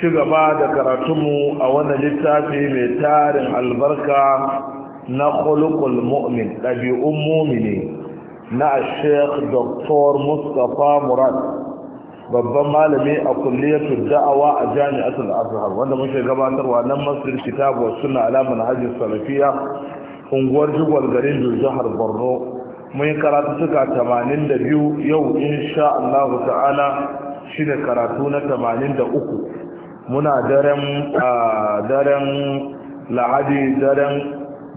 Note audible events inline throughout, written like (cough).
ci gaba da karatunmu a wannan littafi mai tarin albarka na khuluqul mu'min ɗabi'un mumini na Sheikh Dr. Mustapha Murad babban malami a kulliyatul da'awa a Jami'atul Azhar wanda muke gabatarwa nan masjid kitab wa sunna ala manhajis salafiya unguwar jigwal garin jihar Borno mun karatu suka 82 yau insha Allah ta'ala shine karatu na 83 muna daren a daren lahadi daren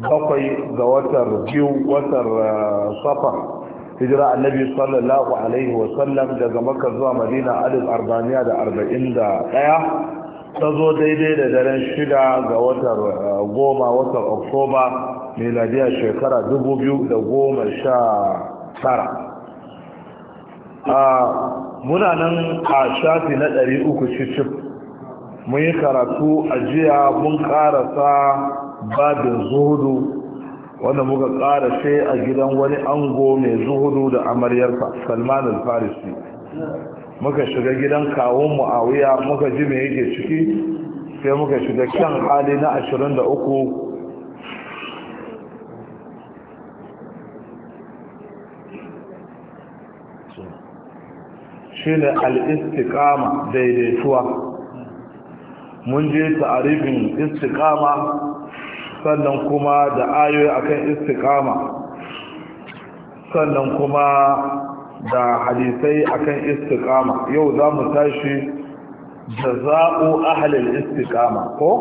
bakwai ga watar biyu watar safar hijira annabi sallallahu alaihi wasallam daga maka zuwa madina alif arbaniya da arba'in da daya ta zo daidai da daren shida ga watar goma watar oktoba miladiya shekara dubu biyu da goma sha tara muna nan a shafi na ɗari uku cicif mun yi karatu a jiya mun karasa babin zuhudu wanda muka karashe a gidan wani ango mai zuhudu da amaryarsa salman al-farisi muka shiga gidan kawun mu'awiya muka ji mai yake ciki sai muka shiga kyan hali na 23 shi ne al'istikama daidaituwa mun je ta'arifin istiqama sannan kuma da ayoyi akan istiqama sannan kuma da hadisai akan istiqama yau za mu tashi jaza'u ahlil istiqama ko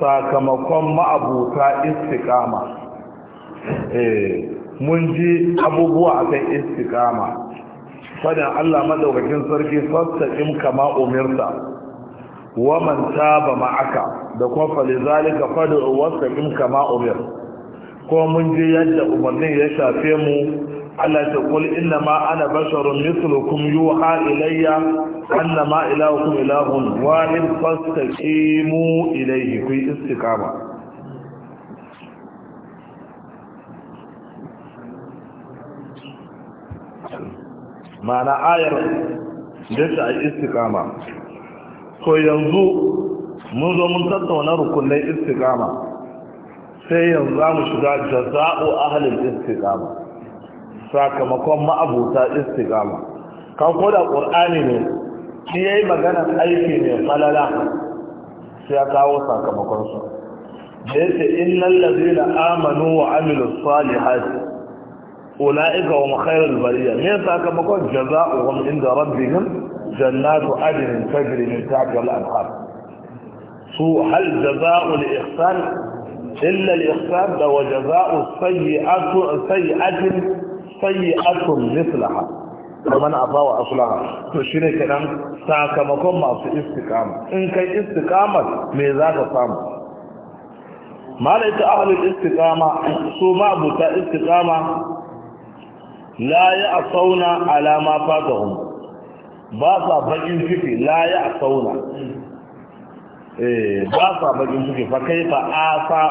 sakamakon ma'abuta istiqama eh mun ji abubuwa akan istiqama fadan Allah madaukakin sarki fastaqim kama umirta wa man taba ma'aka da kuma falizalika fad'u in kama umir ko mun je yadda umarnin ya shafe mu Allah ta kul inna ma ana basharun mislukum yuha ilayya annama ilahukum ilahun wahid fastaqimu ilayhi ku istiqama mana ayar da ta istiqama to yanzu mun zo mun tattauna rukunai istiqama sai yanzu za mu shiga jaza'u ahlul istiqama sakamakon ma'abuta istiqama kan koda ƙur'ani ne shi yayi magana aiki mai falala sai ya kawo sakamakon su da yace innal ladina amanu wa amilus salihati ulaika hum khairul bariya ne sakamakon jaza'uhum inda rabbihim جنات عدن تجري من تحت الانهار سوء هل جزاء الاحسان الا الاحسان ده وجزاء السيئه سيئه سيئه مثلها ومن أطاوى أصلها تشيني كنان ساكمكم في استقامة إن كي استقامة ذاك صام ما ليس أهل الاستقامة سوما بوتا استقامة لا يعصون على ما فاتهم ba sa bakin ciki la ya sauna eh, ba sa bakin ciki fa kai fa asa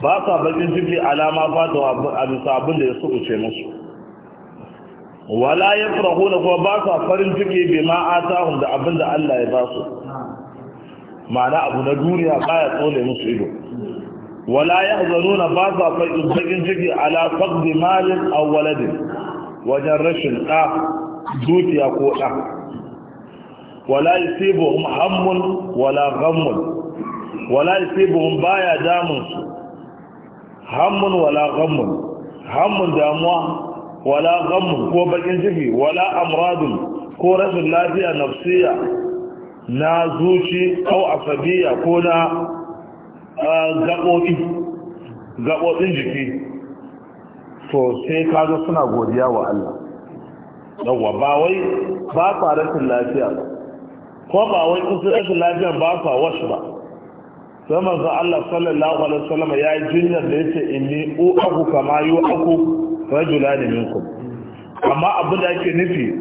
ba sa bakin ciki alama ba da abin sabun da ya su ce musu wala ya na kuma ba sa farin ciki bima ma da abin da Allah ya ba su ma'ana abu na duniya ya tsole musu ido wala na ba sa bakin ciki ala faqdi malin aw waladin wajen rashin ɗa zuciya ko ɗa wala yusibuhum hammun wala ghammun wala yusibuhum baya damun su hammun wala ghammun hammun damuwa wala ghammun ko bakin ciki wala amradun ko rashin lafiya nafsiya na zuci ko asabiya ko na gaɓoɓi gaɓoɓin jiki to sai kaga suna godiya wa Allah yawwa ba wai ba su rashin lafiya ba ko ba wai in sun rashin lafiya ba kwa wasu ba sai manzo Allah sallallahu alaihi wasallam ya yi jinyar da yace inni aku kama aku, rajulani minkum amma abin da ake nufi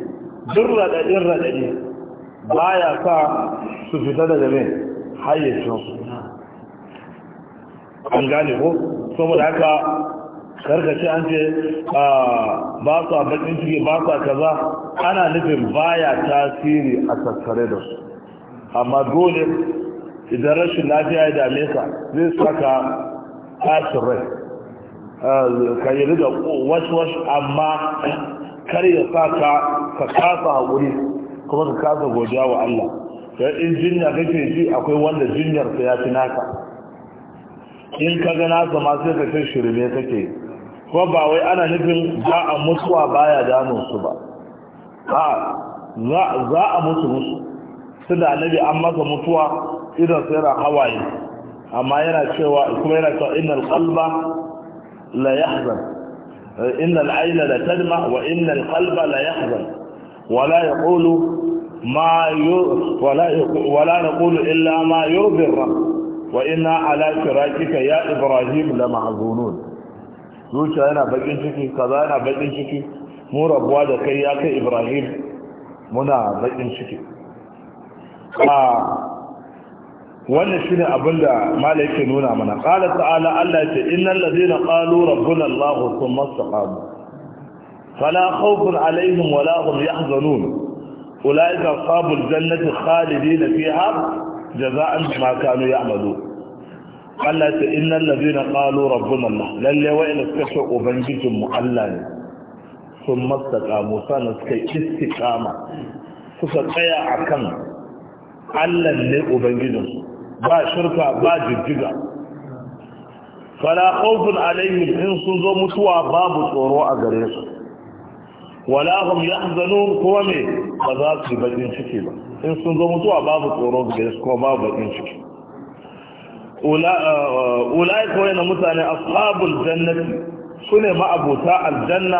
duk raɗaɗin raɗaɗi baya sa su fita daga mai hayyacin su an gane ko saboda haka ce an ce ah, ba su a bakin ciki ba su a kaza ana nufin baya tasiri a tattare da su amma dole idan rashin lafiya ya dame ka zai saka tashin rai ah, ka yi riga wasu wasu amma kar ya sa ka kasa haƙuri kuma ka kasa godiya wa Allah sai in jinya kake ji akwai wanda jinyarsa ya fi naka in ka ga nasa ma sai ka shirme kake ko ba wai ana nufin za a mutuwa baya gano su ba za a mutu musu tunda annabi an maka mutuwa idan sai yana hawaye amma yana cewa kuma yana cewa innal qalba la yahzan innal ayna la tadma wa innal qalba la yahzan wala yaqulu ma ما ولا ولا نقول إلا ما يرضي الرب وإنا على فراقك يا إبراهيم لمحزونون zuciya yana bakin ciki kaza yana bakin ciki mu rabuwa da kai ya kai ibrahim muna bakin ciki a wannan shine abin da malaikai nuna mana Kala ta'ala Allah ce innal ladina qalu rabbuna Allah thumma istaqamu fala khawfun alaihim wala hum yahzanun ulaika ashabul jannati khalidina fiha jaza'an bima kanu ya'malun Allah ce innal ladina qalu rabbuna Allah lalle wa'ina suka ce ubangijinmu Allah ne sun mastaqamu sana suka istiqama suka tsaya akan Allah ne ubangijinsu. ba shirka ba jijjiga fala khawfun alaihim in sun zo mutuwa babu tsoro a gare su wala hum yahzanun kuma me ba za su bakin ciki ba in sun zo mutuwa babu tsoro gare su ko babu bakin ciki Uh, uh, ula'ika wayannan mutane ashabul jannati sune ma'abuta aljanna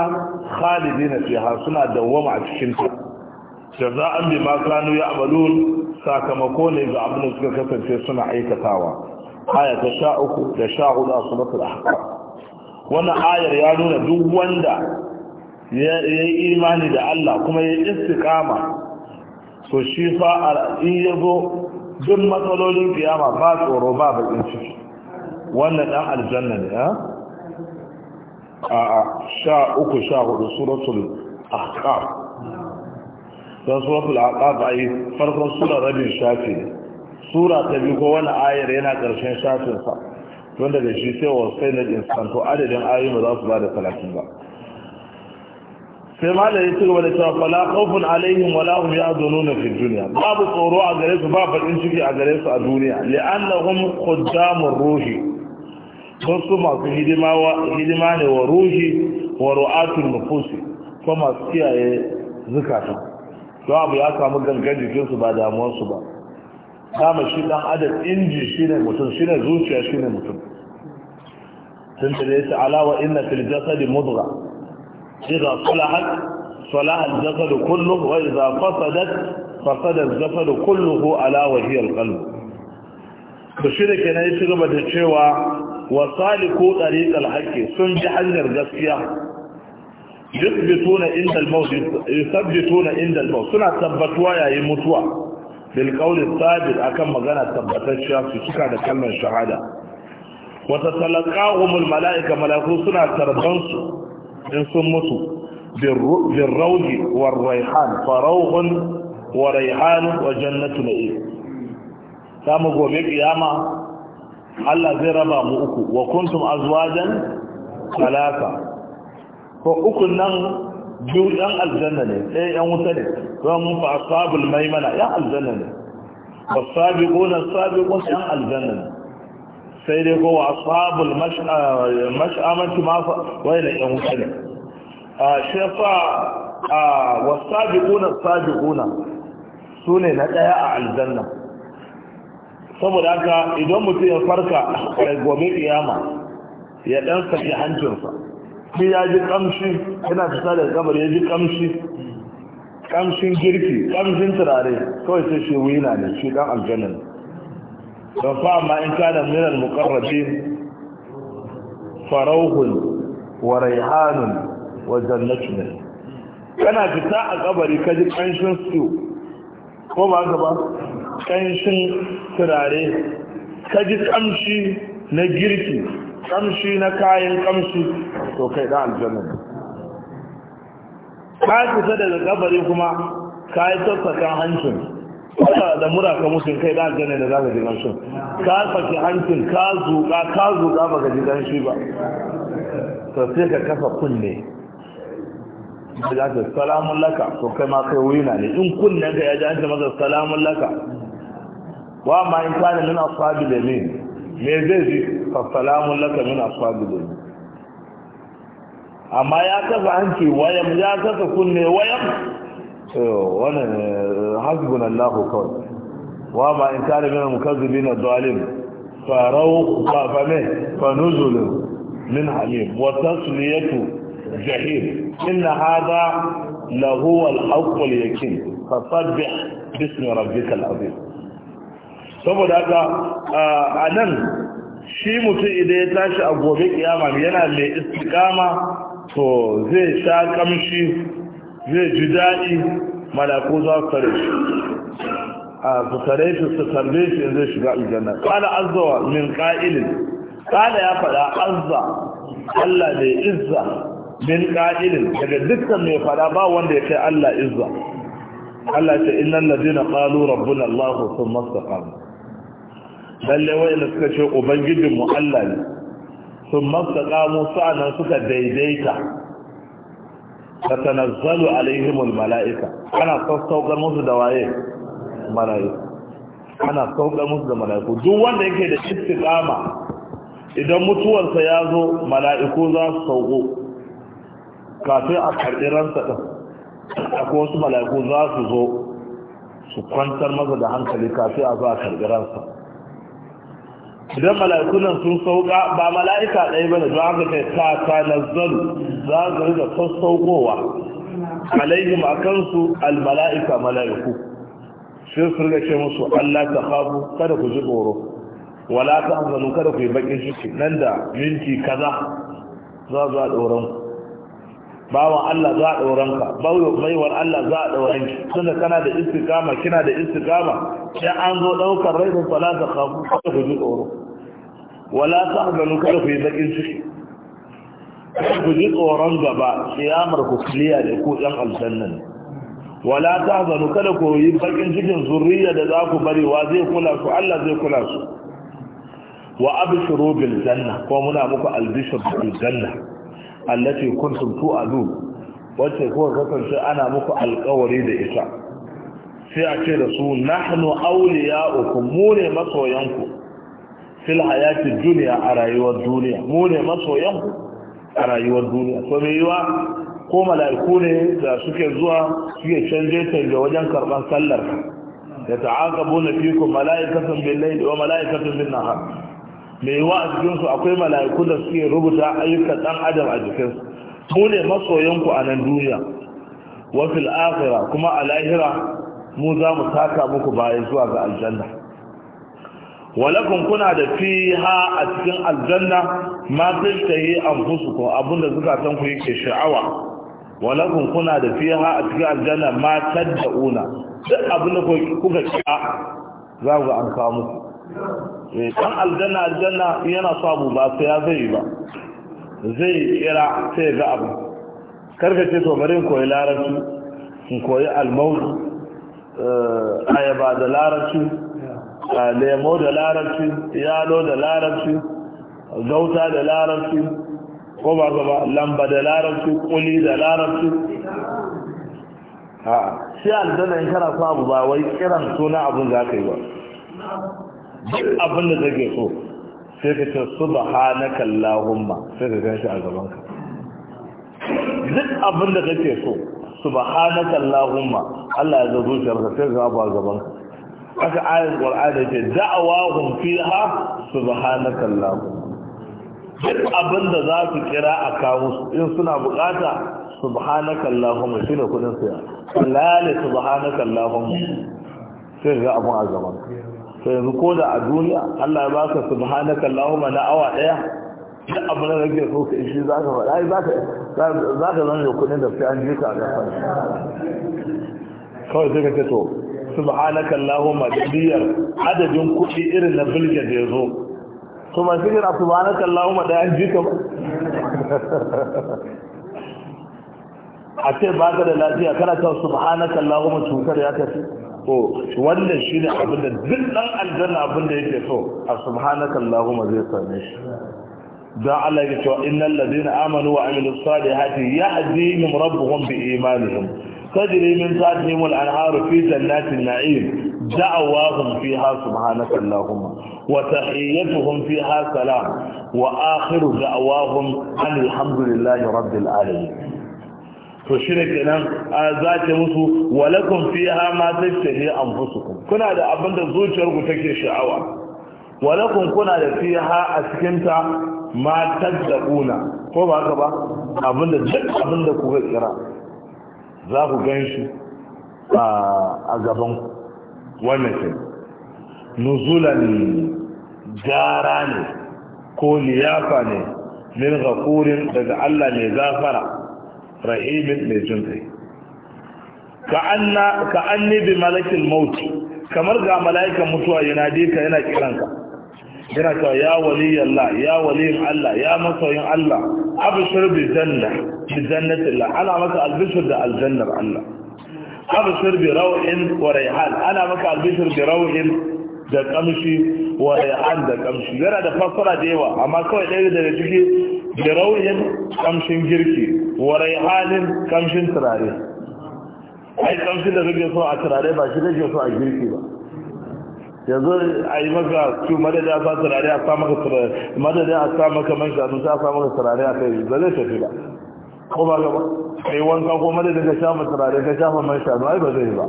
khalidina fiha suna dawwama a cikin ta jaza'an bima kanu ya'malun sakamako ne ga abin da suka kasance suna aikatawa aya ta 13 da 14 a da haka. wannan ayar ya nuna duk wanda ya yi imani da Allah kuma ya istiqama so shi fa in yazo duk matsalolin kiyama ba tsoro ba bakin ciki wannan dan aljanna ne ha a a sha uku sha hudu suratul ahqaf dan suratul ahqaf ai farkon sura rabin shafi sura ta biyu ko wani ayar yana karshen shafin sa wanda da shi sai wa sai na insan to adadin ayoyi ba za su ba da 30 ba sai malam ya ci gaba da cewa fala khawfun alaihim wala hum yahzununa fi dunya babu tsoro a gare su ba bakin ciki a gare su a duniya li'annahum khuddamur ruhi sun su masu hidima wa hidima ne wa ruhi wa ru'atul nufusi ko masu kiyaye zukata to abu ya samu gangan jikin su ba damuwar su ba dama shi dan adam inji shine mutum shine zuciya shine mutum tun da ya ta'ala wa inna fil jasadi mudghah إذا صلحت صلح الجسد كله وإذا فسدت فسد الجسد كله على وهي القلب بشرك نيش غبة تشوى وصالكوا طريق الحق سنج حجر جسيا يثبتون عند الموت يثبتون عند الموت سنة ثبتوا يا يموتوا بالقول الثابت أكم مغانا ثبتت شاكي سكا كلمة شهادة وتتلقاهم الملائكة ملائكة سنة تربنسوا in sun mutu bin rauji wa raihan farauhun wa raihan wa jannatu Ta mu gobe kiyama Allah zai raba mu uku wa kuntum azwajan talata ko uku nan biyu ɗan aljanna ne ɗaya ɗan wuta ne don fa asabul maimana ɗan aljanna ne wasabiquna sabiqun ɗan aljanna ne sai dai kowa ashabul mash'amanci mafa wai da yan wuce ne shefa a wasabiquna sabiquna su ne na ɗaya a aljanna saboda haka idan mutum ya farka a gobe kiyama ya ɗan saki hancinsa shi ya ji kamshi yana fita da kamar ya ji kamshi kamshin girki kamshin turare kawai sai shi wina ne shi ɗan aljanna ne don fa amma in kada min al farauhun wa raihanun wa jannatun kana fita a kabari ka ji kanshin su ko ba ka ba kanshin turare ka ji kamshi na girki kamshi na kayan kamshi to kai da aljanna ka fita daga kabari kuma ka yi tattakan hancin da mura ka musu kai da gane da zaka ji ganshin ka saki hancin ka zuƙa ka zuƙa baka ji ganshi ba to sai ka kafa kunne da ce salamun laka to kai ma kai wuri na ne in kunne ga ya ji maka masa salamun laka wa ma in kana min ashabi da min me zai ji fa salamun laka min ashabi da min amma ya kafa hanci wayam ya kafa kunne wayam wannan eh, hasbun Allah kawai wa ma in kana min mukazzibin zalim na raw Farau, fa me fa min halim wa tasliyatu jahim inna hadha lahu hada haqq al-yakin fasabbih bismi rabbikal azim saboda haka eh, a nan shi mutum idan ya tashi a gobe kiyama yana mai istiqama to zai sha kamshi zai ji daɗi malaku za su tare shi a su tare shi su tarbe shi zai shiga aljanna kala azza wa min qa'ilin kala ya faɗa azza Allah ne izza min qa'ilin daga dukkan mai faɗa ba wanda ya kai Allah izza Allah ce innal ladina qalu allahu sun thumma ƙamu lalle wayanda suka ce ubangijinmu Allah ne thumma istaqamu sa'an suka daidaita tatanazzalu alaihimul mala'ika ana sassaukar musu da waye malaika ana saukar musu da mala'iku duk wanda yake da istiqama idan mutuwarsa ya zo mala'iku za su sauko kafin a karɓi ransa ɗin akwai wasu mala'iku za su zo su kwantar masa da hankali kafin a zo a karɓi ransa idan mala'ikunan sun sauka ba mala'ika ɗaya bane don haka kai ta ta nazzalu za su rika sassaukowa alaihim a kansu almala'ika mala'iku shi su ga ce musu Allah ta kafu kada ku ji tsoro wala ta hanzalu kada ku yi bakin shi nan da minti kaza za za tsoron ku bawan Allah za a ɗauran ka baiwar Allah za a ɗauran ki tunda kana da istiqama kina da istiqama sai an zo ɗaukar rai da salata khafu kada ku ji tsoro wala ta tahzanu kada ku yi bakin ciki kada ku ji tsoron gaba kiyamar ku kiliya da ku ɗan aljanna ne wala ta tahzanu kada ku yi bakin cikin zurriya da za ku bari wa zai kula su Allah zai kula su wa abshiru bil janna ko muna muku albishir bil janna allati kuntum tu'adun wace ko kasance ana muku alƙawari da ita sai a ce da su nahnu awliya'ukum mu ne masoyanku fil hayati dunya a rayuwar duniya mu ne masoyanku a rayuwar duniya to me yiwa ko mala'iku ne da suke zuwa suke canje canje wajen karban sallar ya ta'aqabuna fikum mala'ikatan bil layli wa mala'ikatan bin nahar mai wa a cikinsu akwai mala'iku da suke rubuta ayyukan ɗan adam a jikinsu mu ne masoyanku a nan duniya wafil akhira kuma a lahira mu za mu taka muku bayan zuwa ga aljanna walakun kuna da fiha a cikin aljanna ma tattahi anfusukum abinda ku yake sha'awa walakun kuna da fiha a cikin aljanna ma una. duk abinda kuka ki'a za ku an kawo muku kan aljanna aljanna yana samu ba sai ya zai ba zai kira sai ga abu ce to bari koyi larabci in koyi almauzu eh, ayaba da larabci eh, lemo da larabci yalo da larabci gauta da larabci ko ba gaba lamba da larabci kuli da larabci a shi aljanna in kana samu ba wai kiran suna abun za ka yi ba duk abin da take so sai ka ce subhanaka sai ka ganshi a gaban ka duk abin da kake so subhanaka Allah ya zo ka sai ka ba gaban ka haka ayat qur'ani ce da'awahum fiha na allahumma duk abin da za su kira a kawo in suna bukata subhanaka allahumma ne kudin siya la subhanaka allahumma sai ga abun a gaban ka Ka yanzu ko da a duniya Allah ya baka subhanaka allahumma na awa daya duk abu na rage so ka ishi zaka faɗa ai zaka zaka zama da kudin da sai an ji ka ga kawai sai ka ce to subhanaka allahumma biyar adadin kuɗi irin na bilge da yazo to ma sai ka subhanaka allahumma da an ji ka ba a ce baka da lafiya kana ta subhanaka allahumma cutar ya tafi to wannan shi ne abin da duk ɗan aljanna abin da yake so a subhanakallahumma zai same shi don Allah ya cewa innal ladina amanu wa amilus salihati yahdihim rabbuhum bi imanihim tajri min tahtihim al anharu fi jannatin na'im da'awahum fiha subhanaka allahumma wa tahiyyatuhum ha salam wa akhiru da'awahum alhamdulillahi rabbil alamin to shi ne kenan za ta musu walakum fiha ma tashtahi anfusukum kuna da abin da zuciyarku take sha'awa Walakun kuna da fiha a cikinta ta ma tadquna ko ba haka ba abin da duk abin da kuka kira za ku ganshi a gaban wannan shi nuzulan jara ne ko liyafa ne min ghafurin daga Allah ne zafara rahimin mai jin kai ka an bi malakin mauti kamar ga mala'ikan mutuwa yana dika yana kiranka yana kawai ya wali yalla ya waliyin Allah ya masoyin Allah abshir bi zanna bi jannati Allah ana maka albishir da aljannar Allah abshir bi raw'in wa rayhan ana maka albishir bi raw'in da kamshi wa rayhan da kamshi yana da fassara da yawa amma kawai ɗaya daga ciki bi rauyin kamshin girki wa raihanin kamshin turare ai kamshin da zai so a turare ba shi kake so a girki ba yanzu a yi maka su madada a sa turare a sa maka turare madada a sa maka man shanu sai a sa turare a kai ba zai tafi ba ko ba gaba kai wanka ko madada ka shafa turare ka shafa man shanu ai ba zai ba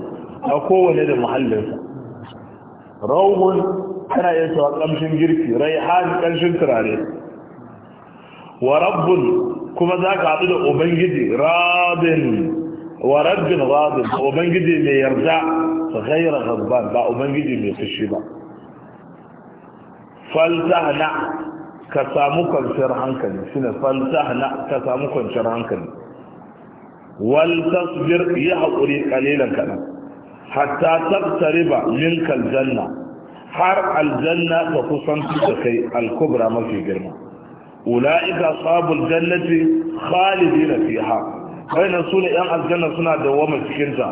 a kowane da muhallinsa rauhun ana iya cewa kamshin girki raihan kamshin turare ورب كما ذاك عبد أبنجد راض ورب راد أبنجد من يرجع غير غضبان با أبنجد من يخشبه فالتهنع كسامك شرحانك سنة فالتهنع كسامك شرحانك ولتصبر يحقري قليلا كنا حتى تقترب منك الجنة حرق الجنة وخصوصا في الكبرى ما في جرمه ula'ika ashabul jannati na fiha bayan su ne yan aljanna suna dawama cikin ta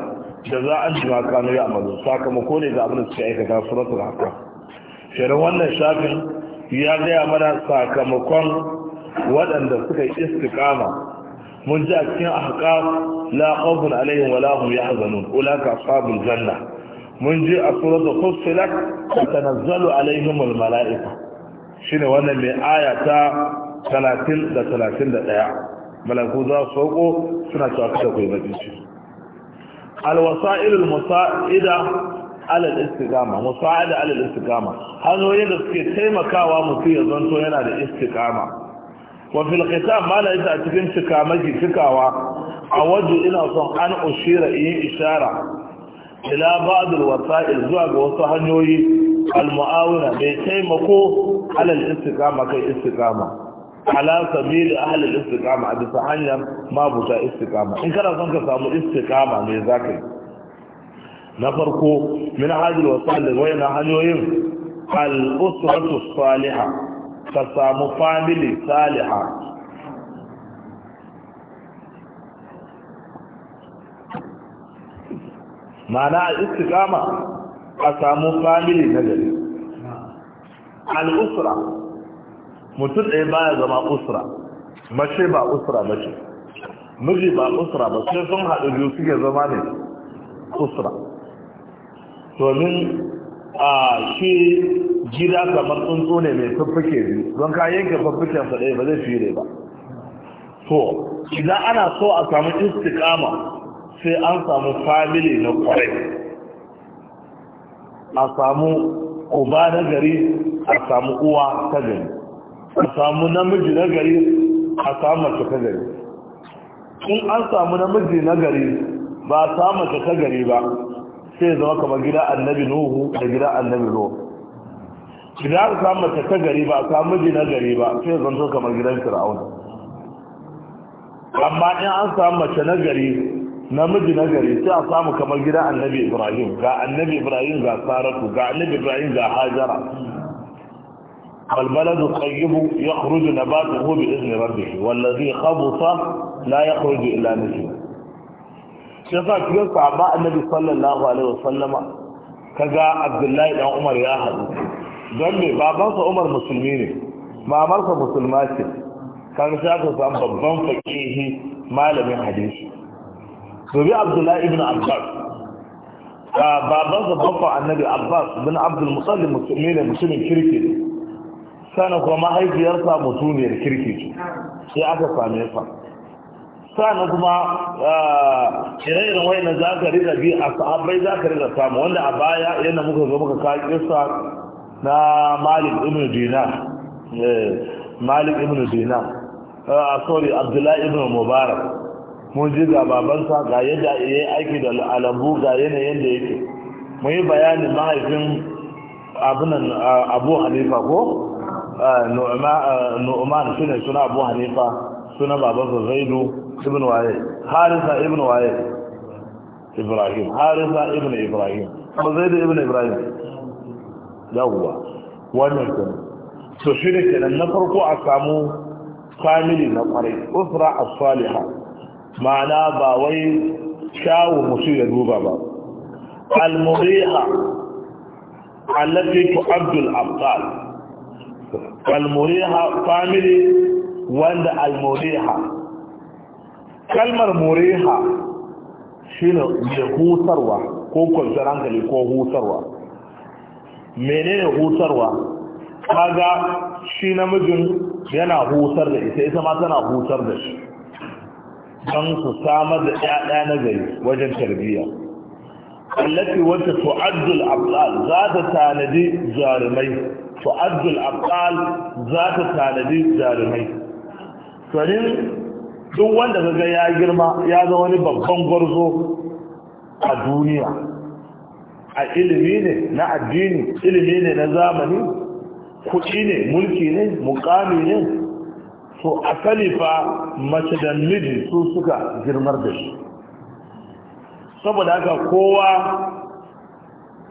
da za a jima kanu ya amalu sakamako ne ga abin da suka aikata suratul haka. shirin wannan shafin ya gaya mana sakamakon waɗanda suka yi istiqama mun ji a cikin ahqaf la khawfun alaihim wa la hum yahzanun ulaka janna mun ji a suratul fussilat tanazzalu alaihim al mala'ika shine wannan mai aya ta 30 da 31 malaku za su sauko suna cewa kada ku yi bacci alwasailul musa'ida alal istiqama musa'ida alal istiqama hanyoyin da suke taimakawa mutum ya zanto yana da istiqama وفي الختام a cikin أتكن cikawa. A waje ina son an ushira إيه ishara. ila ba'dul wasa'il zuwa ga wasu hanyoyi al-mu'awina mai taimako alal istiqama kai istiqama ala sabil ahli al-istiqama a bisa hanyar mabuta istiqama in kana son ka samu istiqama me zaka yi na farko min hadil wasa'il daga hanyoyin al-usratu salihah ka samu family salihah ma'ana a istiqama a samu family na gari al'usra mutum ɗaya baya zama usra mace ba usra mace. miji ba usra ba sai sun haɗu biyu suke zama ne usra domin a shi gida kamar tsuntsu ne mai fuffuke biyu don ka yanke fuffukensa ɗaya ba zai fiye ba to idan ana so a samu istiqama sai an samu family na kwarai a samu uba na gari a samu uwa ta gari a samu namiji na gari a samu mace ta gari in an samu namiji na gari ba a samu mace ta gari ba sai zama kamar gida annabi nuhu da gida annabi ruwa gida a samu mace ta gari ba a samu miji na gari ba sai zama kamar gidan fir'auna amma in an samu mace na gari namiji na gari sai a samu kamar gidan annabi ibrahim ga annabi ibrahim ga saratu ga annabi ibrahim ga hajara فالبلد الطيب يخرج نباته بإذن ربه والذي خبث لا يخرج إلا نسيم شفا كيف صعباء النبي صلى الله عليه وسلم كذا عبد الله بن عمر يا حد جنبي بابانسا عمر مسلمين ما مرسا مسلمات كان شاكا سام ببان فقيه ما لم يحديث domin abdullahi ibn abbas baban bakwa annabi abbas bin abdul musallin musulmi ne mutumin kirki ne sana kuma mahaifiyarsa mutumiyar kirki ce sai aka same sa Sani kuma ire-iren wayannan za ka rika biyu a sahabbai za ka rika samu wanda a baya yadda muka zo muka kawo kisa na malik ibn dinar eh, malik ibn dinar sorry abdullahi ibn mubarak mun ji ga babansa ga yadda ya yi aiki da alambu ga yanayin da yake mun yi bayanin mahaifin abunan abu hanifa ko nu'man shine suna abu hanifa suna babansa zaidu ibn waye harisa ibn waye ibrahim harisa ibn ibrahim kuma zaidu ibn ibrahim yawwa wannan kuma to shi ne kenan na farko a samu family na kwarai usra as-salihah ma'ana ba wai shawo musu ya duba ba al-muriha allati tu'abdu al-abtal al-muriha family wanda al-muriha kalmar muriha shine da hutarwa ko kwanciyar hankali ko hutarwa menene hutarwa kaga shi namijin yana hutar da ita ita ma tana hutar da shi don su samar da ƴaƴa na gari wajen tarbiyya allafi wata tu'addu al-abdal za ta tanadi jarumai tu'addu abdal za ta tanadi jarumai to duk wanda kaga ya girma ya ga wani babban gwarzo a duniya a ilimi ne na addini ilimi ne na zamani kuɗi ne mulki ne mukami ne to a fa mace da miji su suka girmar da shi saboda haka kowa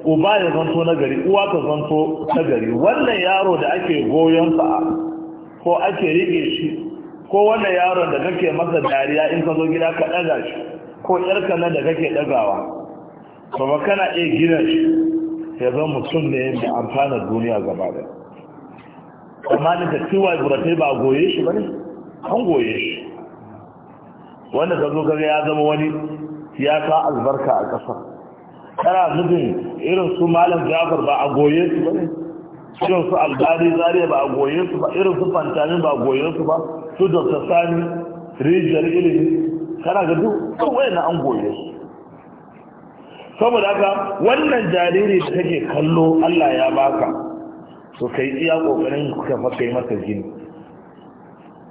uba ya zanto na gari uwa ta zanto na gari wannan yaro da ake goyonsa ko ake rike shi ko wannan yaron da kake masa dariya in ka zo gida ka ɗaga shi ko 'yarka nan da kake ɗagawa ba kana iya gina shi ya zama mutum ne mai amfanar duniya gaba daya amma da ta ciwa ba a goye shi ba ne an goye shi wanda ka zo kaga ya zama wani ya albarka a ƙasa kana nufin irin su malam jafar ba a goye su ba ne irin su albari zariya ba a goye su ba irin su fantani ba a goye su ba su dr sani rijiyar ilimi kana ga duk kawai na an goye su saboda haka wannan jariri da take kallo allah ya baka to kai iya kokarin ka fa kai masa jini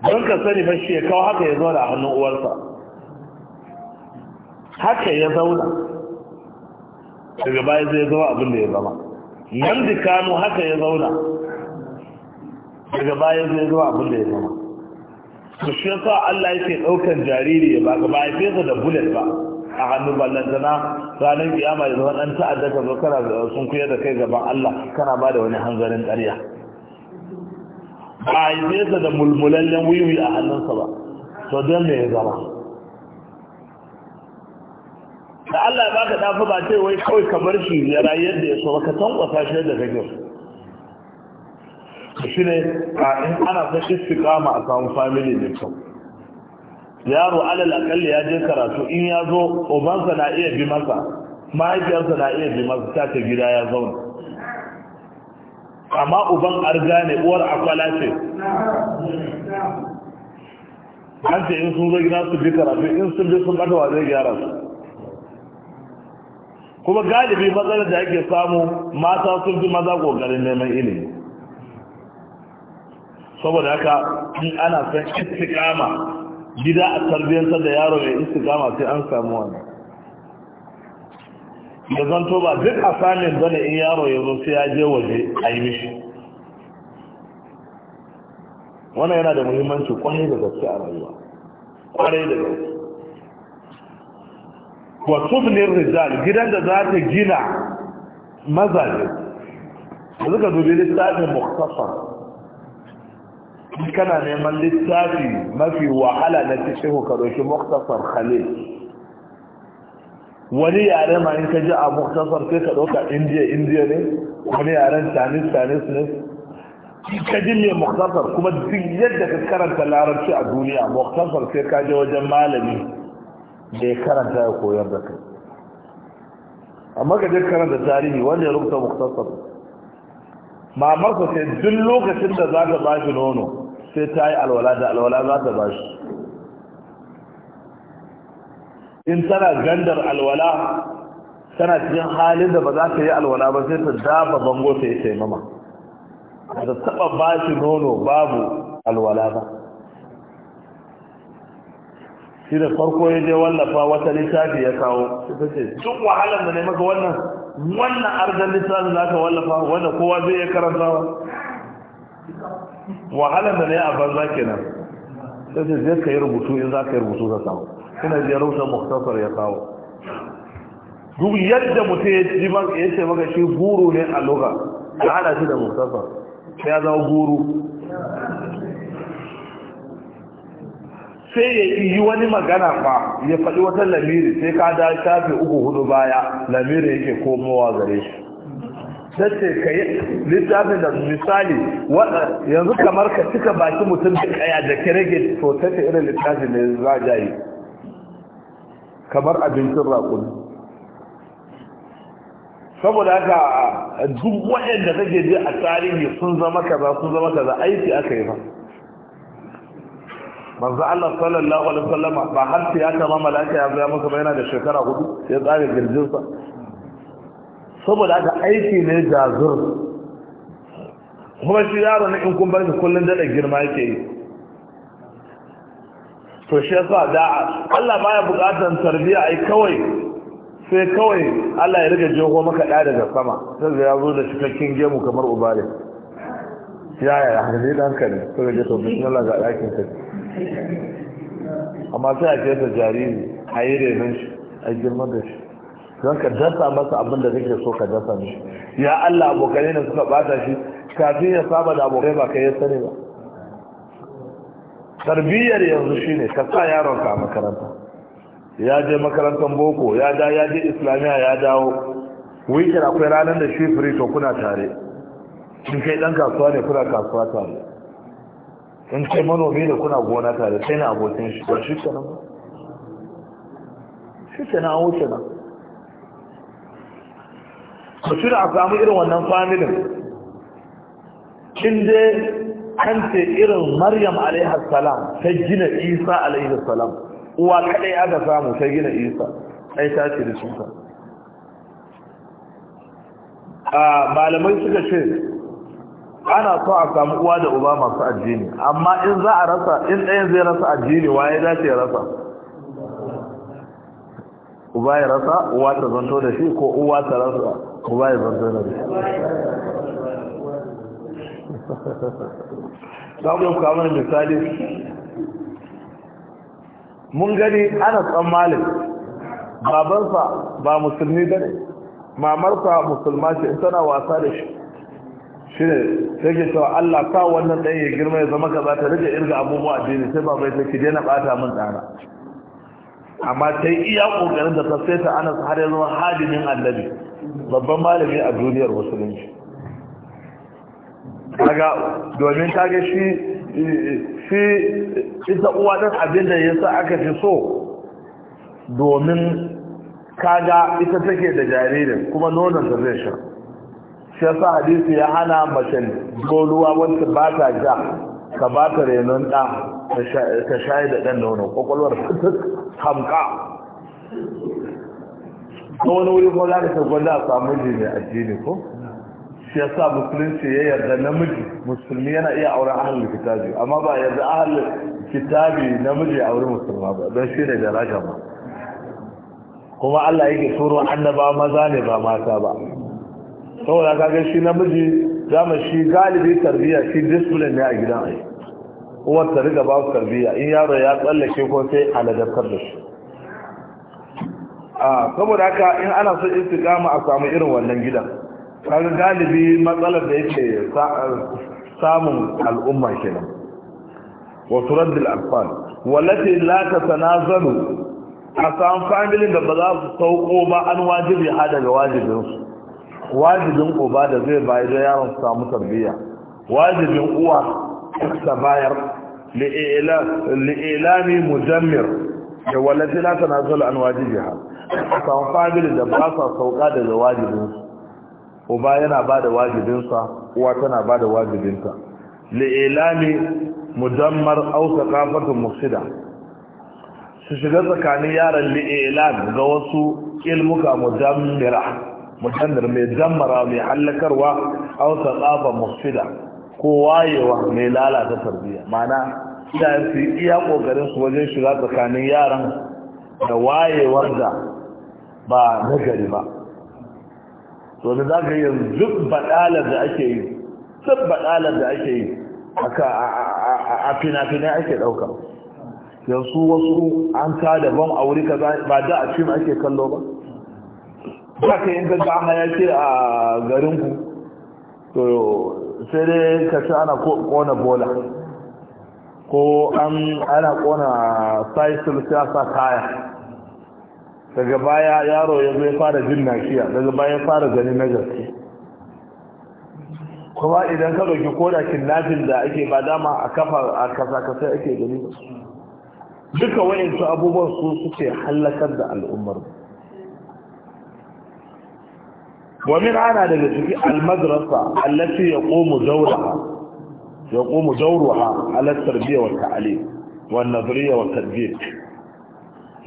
don ka sani fa shi kawo haka ya zauna a hannun uwarsa haka ya zauna daga baya zai zama abin da ya zama nan dukanu haka ya zauna daga baya zai zama abin da ya zama to shi sa Allah yake ɗaukan jariri ba ga ba ya fesa da bullet ba a hannu ballantana ranar kiyama da zama ɗan ta'adda ka zo kana sun koyar da kai gaban Allah kana ba da wani hanzarin ƙarya ba a yi sa da mulmulallen wiwi a hannunsa ba to don me ya zama da Allah ya baka dafa ba ce wai kawai ka bar shi ya rayu yadda ya so ka tankwasa shi yadda kake so shi ne in ana a samun family da kyau yaro alal akalli ya je karatu in ya zo ubansa na iya bi masa mahaifiyarsa na iya bi masa ta ta gida ya zauna amma uban arga ne uwar akwala ce an ce in sun zo gida su bi karatu in sun bi sun bata zai gyara su kuma galibi matsalar da ake samu mata sun fi maza kokarin neman ilimi saboda haka in ana son istiqama gida a tarbiyyantar da yaro mai istikama sai an samu wani da zanto ba duk a samun zane in yaro ya zo sai ya je waje a yi mishi wannan yana da muhimmanci kwanye da gaske a rayuwa kwarai da gaske wa tubnin rijal gidan da za ta gina mazaje da suka dubi littafin muktasar in kana neman littafi mafi wahala na cikin ka shi muktasar khalil wani yare ma in ka ji a muktasar sai ka ɗauka indiya indiya ne wani yaren chinese chinese ne in ka ji ne muktasar kuma duk yadda ka karanta larabci a duniya muktasar sai ka je wajen malami da ya karanta ya koyar da kai amma ka je karanta tarihi wanda ya rubuta muktasar mamarsa sai duk lokacin da za ka ba shi nono sai ta yi alwala da alwala za ta bashi in tana gandar alwala tana cikin halin da ba za ta yi alwala ba sai ta dafa bango ta yi taimama da taba shi nono babu alwala ba shi da farko ya je wallafa wata littafi ya kawo ta ce tun wahalar da ne maka wannan wannan arzan littafin za ka wallafa wanda kowa zai iya karantawa Wahala da ne a banza kenan sai ce zai ka yi rubutu in za ka yi rubutu ka samu ina je rubuta muhtasar ya kawo duk yadda mutum ya ji ban ya ce maka shi guru ne a loga ya hada shi da muhtasar sai ya zama guru sai ya yi wani magana fa ya faɗi wata lamiri sai ka da shafi uku hudu baya lamiri yake komowa gare shi ta ce ka yi littafin da misali yanzu kamar ka cika baki mutum da kaya da kirage to ta ce irin littafin da za a jayi kamar abincin raƙuni saboda haka duk waɗanda kake ji a tarihi sun zama kaza sun zama kaza aiki aka yi ba manzo Allah sallallahu alaihi wasallama ba har sai ya kama malaka ya zo ya masa bayana da shekara hudu ya tsare girjinsa saboda aka aiki ne jazur kuma shi yaro na in kun bar shi kullum da girma yake yi to shi yasa da Allah baya buƙatar tarbiyya ai kawai sai kawai Allah ya riga jeho maka ɗaya daga sama sai ya zo da cikakken gemu kamar ubare ya ya haka dai dan kare to ga to bismillah ga ɗakin ka amma sai a ce da jariri hayire nan shi a girma da shi don ka dasa masa abin da zai so ka dasa ne ya Allah abokanai da suka bata shi kafin ya saba da abokai ba ka ya sani ba tarbiyyar yanzu shi ne, ka sa yaron ka a makaranta ya je makarantar boko ya da ya je islamiya ya dawo wikin akwai ranar da shi firi to kuna tare in kai dan kasuwa ne kuna kasuwa tare in kai manomi ne kuna gona tare sai na abokin shi ba shi kenan ba shi kenan an wuce nan mutum a samu irin wannan familin in dai an ce irin maryam alaihar salam ta gina isa alaihar salam uwa kadai aka samu ta gina isa ai ta ce da shuka a malamai suka ce ana so a samu uwa da uba masu addini amma in za a rasa in ɗaya zai rasa addini waye za ce rasa uba ya rasa uwa ta zanto da shi ko uwa ta rasa uba ya zanto da shi samun kamar misali mun gani ana tsammalin babansa ba musulmi ba ne mamarsa musulma ce in tana wasa da shi shi ne sai ke cewa Allah sa wannan ɗan ya girma ya zama ka za ta rage irga abubuwa jini sai babai take ki daina ɓata min ɗana amma ta yi iya ƙoƙarin da ta ana anas har yanzu zama annabi babban malami a duniyar musulunci kaga domin kaga shi shi ita uwa ɗin abin da ya sa aka fi so domin kaga ita take da jaririn kuma nonon nononta zai sha shi sa hadisi ya hana mace goluwa wacce ba ta ja ka ba ta renon ɗa ta shayi da ɗan wani ƙwaƙwalwar ta hamka ta wani wuri ko za ka tabbon da a samu jini a jini ko shi ya sa musulunci ya yarda namiji musulmi yana iya auren ahal likitabi amma ba yarda ahal kitabi namiji a wurin musulma ba don shi ne da raja ba kuma Allah yake tsoro annaba maza ne ba mata ba saboda kaga shi namiji zama shi galibi tarbiyya shi discipline ne a gidan aiki uwar ta riga ba su tarbiyya in yaro ya tsallake ko sai aladabtar da shi a saboda haka in ana so istiqama a samu irin wannan gidan kaga galibi matsalar da yake samun al'umma kenan wa turaddil alfan wallati la tatanazalu a samu family da ba za su sauko ba an wajibi ha daga wajibin su wajibin uba da zai bayar da yaron samu tarbiyya wajibin uwa ta bayar لإعلام مدمر والذي لا تنازل عن واجبها فقابل دباسا سوقا ده واجبين وبا ينا بعد واجبينسا وتنا بعد واجبينسا لإعلام مدمر أو ثقافة مفسدة shiga tsakanin yaran li'ilan ga wasu ilmuka mudammira mudammir mai zammara mai hallakarwa ko wayewa mai lalata tarbiyya mana iyayen su iya kokarin su wajen shiga tsakanin yaran da wayewar da ba nagari ba to da za ka yi duk baɗalar da ake yi duk baɗalar da ake yi a fina-finai ake ɗauka yanzu wasu an ta daban a wuri ba da a cikin ake kallo ba za ka yi gaggawa ce a garinku to sai dai ka ci ana kona bola ko ana kona cycle siyasa kaya daga baya yaro ya zai fara jin nashiya daga baya fara gani na gaske kuma idan ka ɗauki kodakin nafin da ake ba dama a kafa a kasa-kasa ake gani duka wayansu abubuwan su suke hallakar da al'ummar mu wa min ana daga ciki almadrasa allati yaqumu dawraha yaqumu dawruha ala tarbiyya wa ta'lim wa an-nazariyya wa tadbiq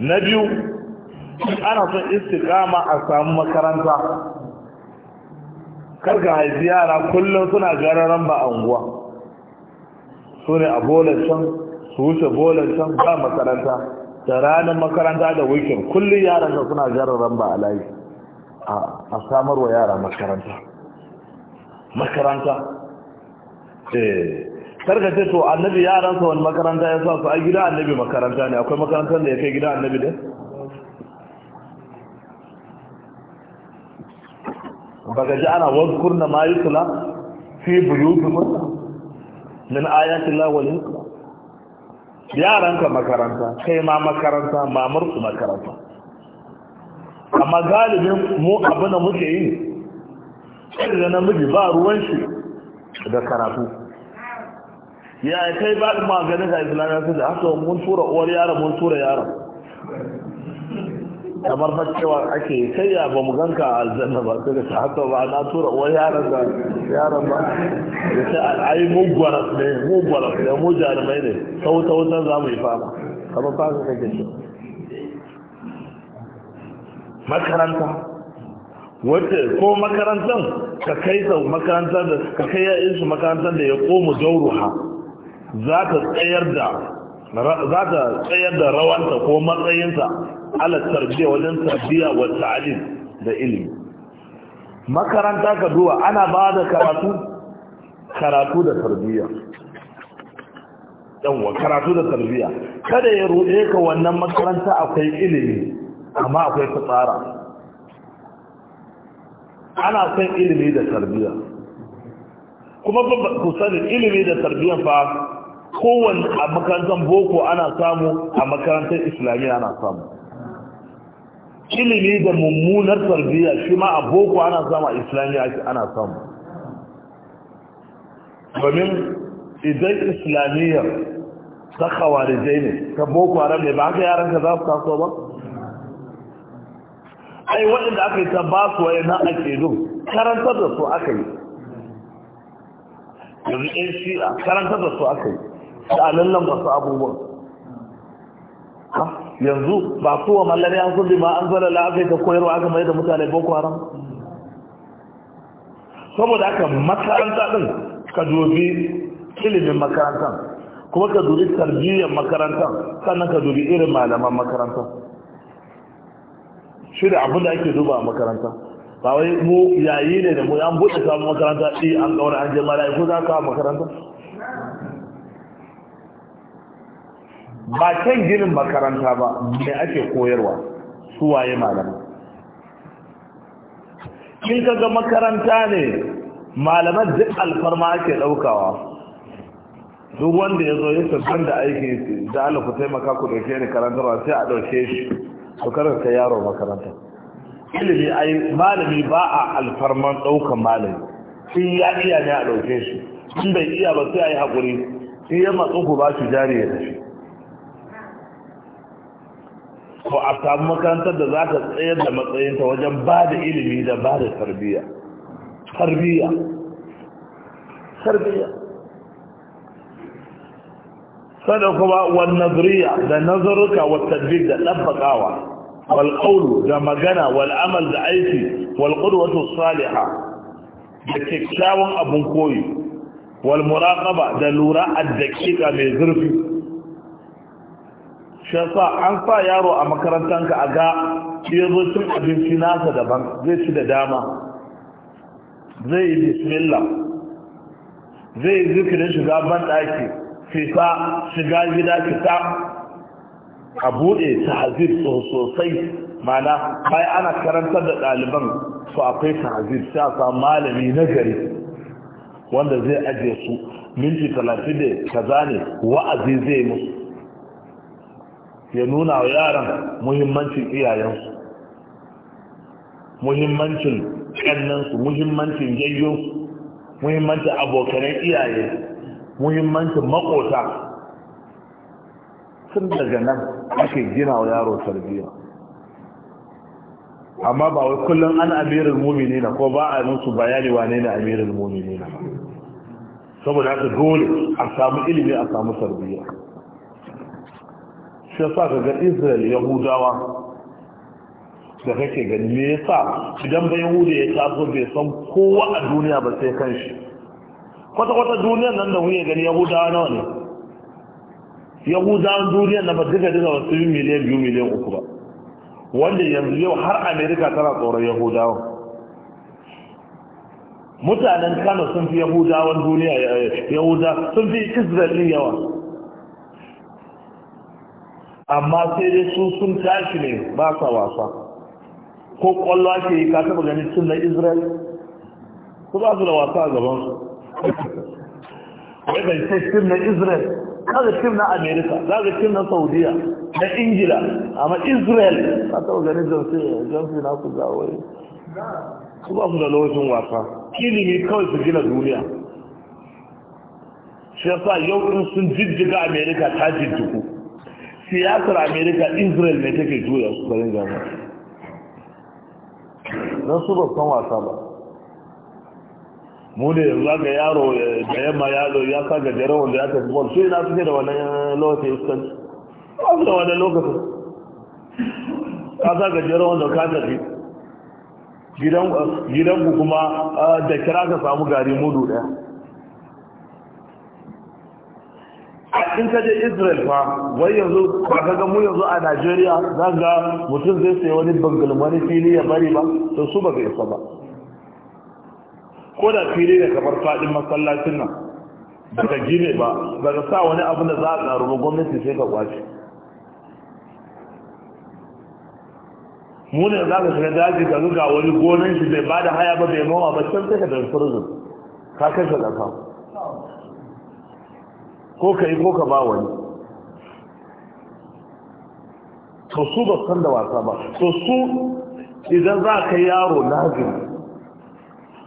nabiyu ana son istiqama a samu makaranta karka haifi yara kullum suna gararan ba anguwa su ne a bolancan su wuce bolancan ba makaranta da ranar makaranta da wikin kullum yaran suna gararan a layi a samarwa yara makaranta makaranta eh karka ce to annabi yaransa wani makaranta ya sa su a gida annabi makaranta ne akwai makarantar da ya kai gida annabi da baka ji ana wazkur na suna fi buyutukun min ayatin lawalin yaranka makaranta kai ma makaranta mamarsu makaranta amma galibin mu abu da muke yi sai da namiji ba ruwan shi da karatu ya kai ba da maganin da islamiyya sai da haka mun tura uwar yaron mun tura yaron kamar cewa ake kai ya ba mu ganka a aljanna ba sai da ta haka ba na tura uwar yaron da yaron ba ya sai al'ayi mu gwara ne mu gwaras ne mu jarumai ne sauta wutan za mu yi fama kamar fasa kake shi makaranta wata ko makarantar ka kai da makarantar da ka kai ya'insu makarantar da ya komu jauruha za ta tsayar da za ta tsayar da rawanta ko matsayinta ala tarbiya wajen tarbiyya wa ta'alim da ilimi makaranta ka duwa ana ba da karatu karatu da tarbiyya yawwa karatu da tarbiya kada ya ruɗe ka wannan makaranta akwai ilimi amma akwai ta tsara ana son ilimi da tarbiyya kuma ku sani ilimi da tarbiyya fa kowanne a makarantar boko ana samu a makarantar islamiyya ana samu ilimi da mummunar tarbiyya shi ma a boko ana samu a islamiyya ana samu domin idan islamiyyar ta kawarijai ne ta boko haram ne ba haka yaranka za su taso ba ai waɗanda aka yi ta ba su waye na ake dun karantar da su aka yi yanzu yan shi'a karantar da su aka yi da alallan ba su abubuwan yanzu ba kowa mallari an sun ma an zara la'afai ta koyarwa aka mai da mutane boko haram saboda aka makaranta ɗin ka dubi ilimin makarantar kuma ka dubi tarbiyyar makarantar sannan ka dubi irin malaman makarantar shi da abin da ake duba a makaranta ba wai mu yayi ne da mu an buɗe samun makaranta ɗi eh, an ɗaura an je mara ko za ka makaranta ba kan ginin makaranta ba me ake koyarwa su waye malamai in ka ga makaranta ne malaman duk alfarma ake ɗaukawa duk wanda ya zo ya sabbin da aiki da ala ku taimaka ku ɗauke ni karantarwa sai a ɗauke shi to karar ka yaro makaranta ilimi ai malami ba a alfarman daukan malami shi ya iya ne a dauke shi in bai iya ba sai ai hakuri haƙuri shi ya matsu ku ba shi jari ya tafi ko a samu makarantar da za ta tsayar da matsayinta wajen ba da ilimi da ba da tarbiyya tarbiyya tarbiyya sannan kuma wan nazariya da nazaruka wa tadbiq da dabbakawa wal da magana wal amal da aiki Walƙudu wata saliha da kyakkyawan abin koyi Walmuraƙaba da lura a daqiqa mai zurfi Shafa an sa yaro a makarantanka a ga cin abinci nasa daban zai ci da dama zai yi bismillah zai yi zikirin shiga ban ɗaki Fifa shiga gida fita a buɗe tahazir sosai mana bai ana karantar da ɗaliban su akwai tahazir sai a samu malami na gari wanda zai ajiye su minti talatin da kaza ne wa'azi zai musu ya nuna wa yaran muhimmancin iyayensu muhimmancin ƙannansu muhimmancin jayyonsu muhimmancin abokanan iyaye muhimmancin makota sun daga nan ake gina wa yaro tarbiyya amma ba wai kullum an amirul mumini na ko ba a musu bayani wane ne amirul mumini na saboda haka dole a samu ilimi a samu tarbiyya shi yasa ka ga israel yahudawa da kake gani me yasa idan bai Hude ya taso bai san kowa a duniya ba sai kan shi kwata-kwata duniyar nan da huye gani yahudawa nawa ne yahudawan duniyar na ba duka duka wasu yi miliyan biyu miliyan uku ba wanda yanzu yau har amerika tana tsoron yahudawa mutanen kano sun fi yahudawan duniya eh, yahuda sun fi israeli yawa amma sai dai su sun tashi ne ba sa wasa ko kwallo ake yi ka taba gani cin na israeli su ba su da wasa a gabansu sai fim na israel Kada fim na america kaga fim na saudiya na ingila amma israel a ta ganin jamfi na ku zawai su ba su da lokacin wasa ilimi kawai su gina duniya shi sa yau in sun jijjiga america ta jijjiku siyasar america israel ne take juya su garin jami'a don su ba san wasa ba mu ne yanzu aka yaro eh, da yamma zo ya sa gajeren wanda ya tafi bol su yana suke da wani lokacin iskan ba su da wani lokacin ka sa gajeren wanda ka tafi gidanku eh, kuma eh, da kira ka samu gari mudu daya in ka je israel fa wai yanzu ba ka ga mu yanzu a nigeria za ga mutum zai sai wani bangalmani fili ya bari ba to su ba ga isa ba ko da fili ne kamar fadin masallacin nan ba ka gine ba daga sa wani abu da za a tsaro ba gwamnati sai ka kwace mu ne za ka shiga daji ka zuga wani gonan shi bai bada haya ba bai noma ba can sai ka dan furzin ka kashe ka ko ka yi ko ka ba wani to su ba san da wasa ba to su idan za ka yaro lazim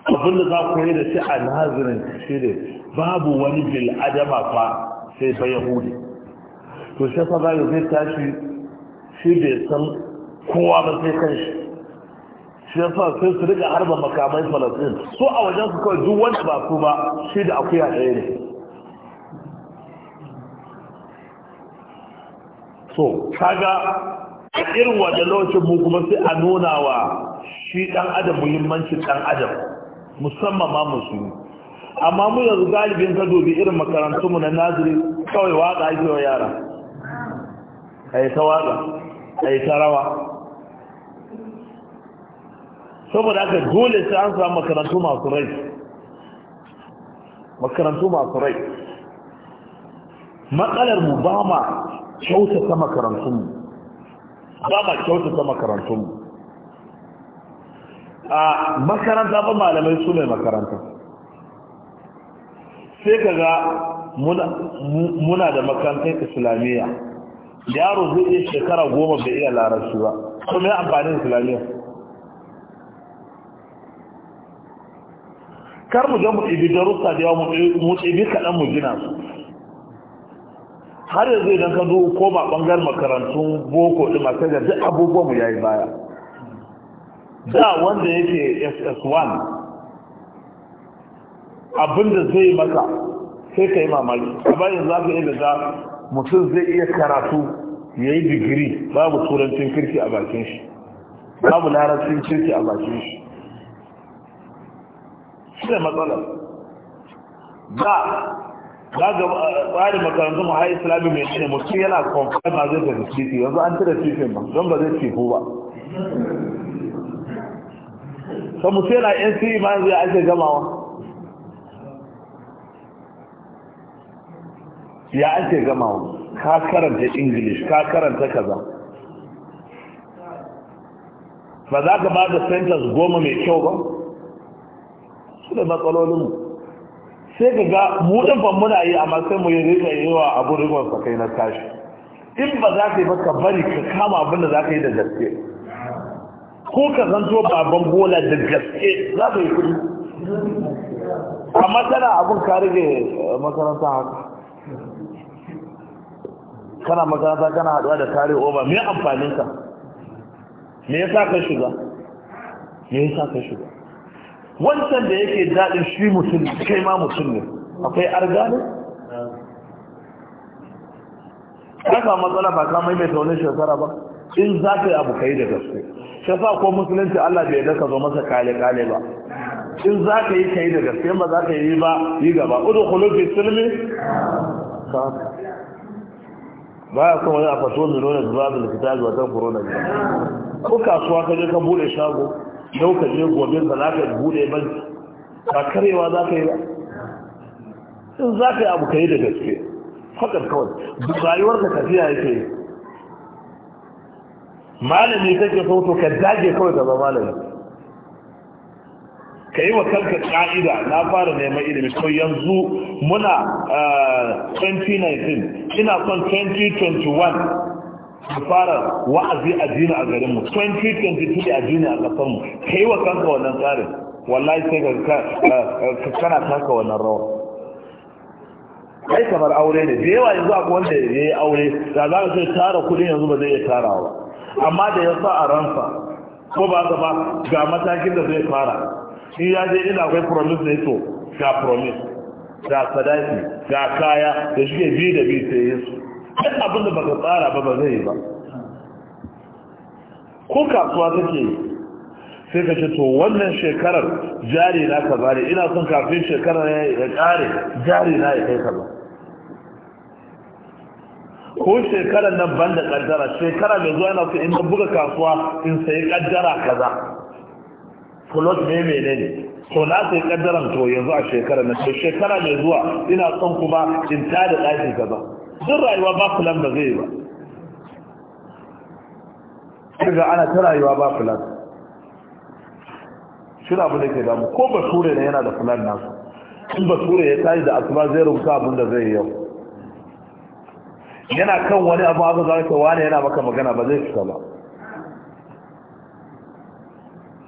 abin da za ku yi da shi a nazirin shi ne babu wani bil adama fa sai ba yahudi to shi fa zai zai tashi shi bai san kowa ba sai kan shi shi fa sai su riga harba makamai falastin so a wajen su kawai duk wanda ba su ba shi da akuya ɗaya ne so kaga irin wajen lokacin mu kuma sai a nuna wa shi ɗan adam muhimmancin ɗan adam musamman ma musulmi amma mu yanzu galibin ka dubi irin makarantunmu na naziri kawai waka ake wa yara a yi ta waka a yi ta rawa saboda aka dole sai an samu makarantu masu rai makarantu masu rai matsalar mu ba ma kyautata makarantunmu ba ma kyautata makarantunmu a makaranta ba malamai su ne makaranta sai ka ga muna da makarantar islamiyya yaro zai iya shekara goma bai iya larabci ba su mai amfani islamiyya kar mu ga mu ibi darussa da yawa mu ibi kaɗan mu gina su har yanzu idan ka zo koma ɓangar makarantun boko ɗin masu duk abubuwan mu yi baya da wanda yake ss1 abinda zai maka sai ka yi mamaki amma yanzu za ka yi da mutum zai iya karatu ya yi digiri babu turancin kirki a bakin shi babu larancin kirki a bakin shi shi ne matsalar da za ga tsarin makarantun mu haɗe islami mai ne mutum yana kwamfani ma zai tafi titi yanzu an tira titin ba don ba zai tefu ba ka mu sai na yan siri ma zai ake gamawa ya ake gamawa ka karanta english ka karanta kaza ba za ka ba da sentence goma mai kyau ba su da matsalolinmu sai ka ga mudin ban muna yi amma sai mu yi rika yi wa abu rikon sakai na tashi in ba za ka yi ba ka bari ka kama abin da za ka yi da gaske ko ka zanto baban bola da gaske za ka yi kudi amma tana abin ka rage eh, makaranta haka kana makaranta kana haɗuwa da kare oba me amfaninka me yasa ka shiga me yasa ka shiga wancan da yake daɗin shi mutum kai ma mutum ne akwai argani ka samu matsala ba ka maimaita wani shekara ba in za ka yi abu kai da gaske shi sa ko musulunci Allah bai daka ka zo masa kale kale ba in za ka yi kai da gaske ba za ka yi ba yi gaba udu khulufi silmi ka ya kuma wani a fato mino nuna zuwa da likita zuwa ta corona ne ko kasuwa ka je ka bude shago yau ka je gobe ka za ka bude banki ba karewa za ka yi ba in za ka yi abu kai da gaske fakar kawai duk rayuwar ka tafiya yake yi malami kake so to ka dage kawai ka zama malami ka yi wa kanka ka'ida na fara neman ilimi to yanzu muna 2019 eh, ina son 2021 a fara wa'azi a jini a garinmu 2023 a jini a ƙasarmu ka yi wa kanka wannan tsarin wallahi sai eh, ka kana taka wannan rawa kai kamar aure ne da yawa yanzu akwai wanda ya yi aure da za ka sai tara kudin yanzu ba zai iya tarawa amma da ya sa a ransa ko ba ba ga matakin da zai fara in ya je ina akwai promise ne to ga promise ga sadaki ga kaya da shi ke bi da bi sai yesu duk abin da ba ka tsara ba ba zai yi ba ko kasuwa take yi sai ka ce to wannan shekarar jari na ka bare ina son kafin shekarar ya kare jari na ya kai kaza ko shekarar nan ban da kaddara shekara mai zuwa yana in ka buga kasuwa in sayi kaddara kaza fulot ne mene ne to na sayi kaddaran to yanzu a shekarar nan to shekara mai zuwa ina son kuma in ta da ɗaki kaza duk rayuwa ba fulan ba zai yi ba kaga ana ta rayuwa ba fulan shi abu da ke damu ko bature ne yana da fulan nasu in bature ya tashi da asuba zai rubuta abin da zai yi yau yana kan wani abu abu za ka wane yana maka magana ba zai fita ba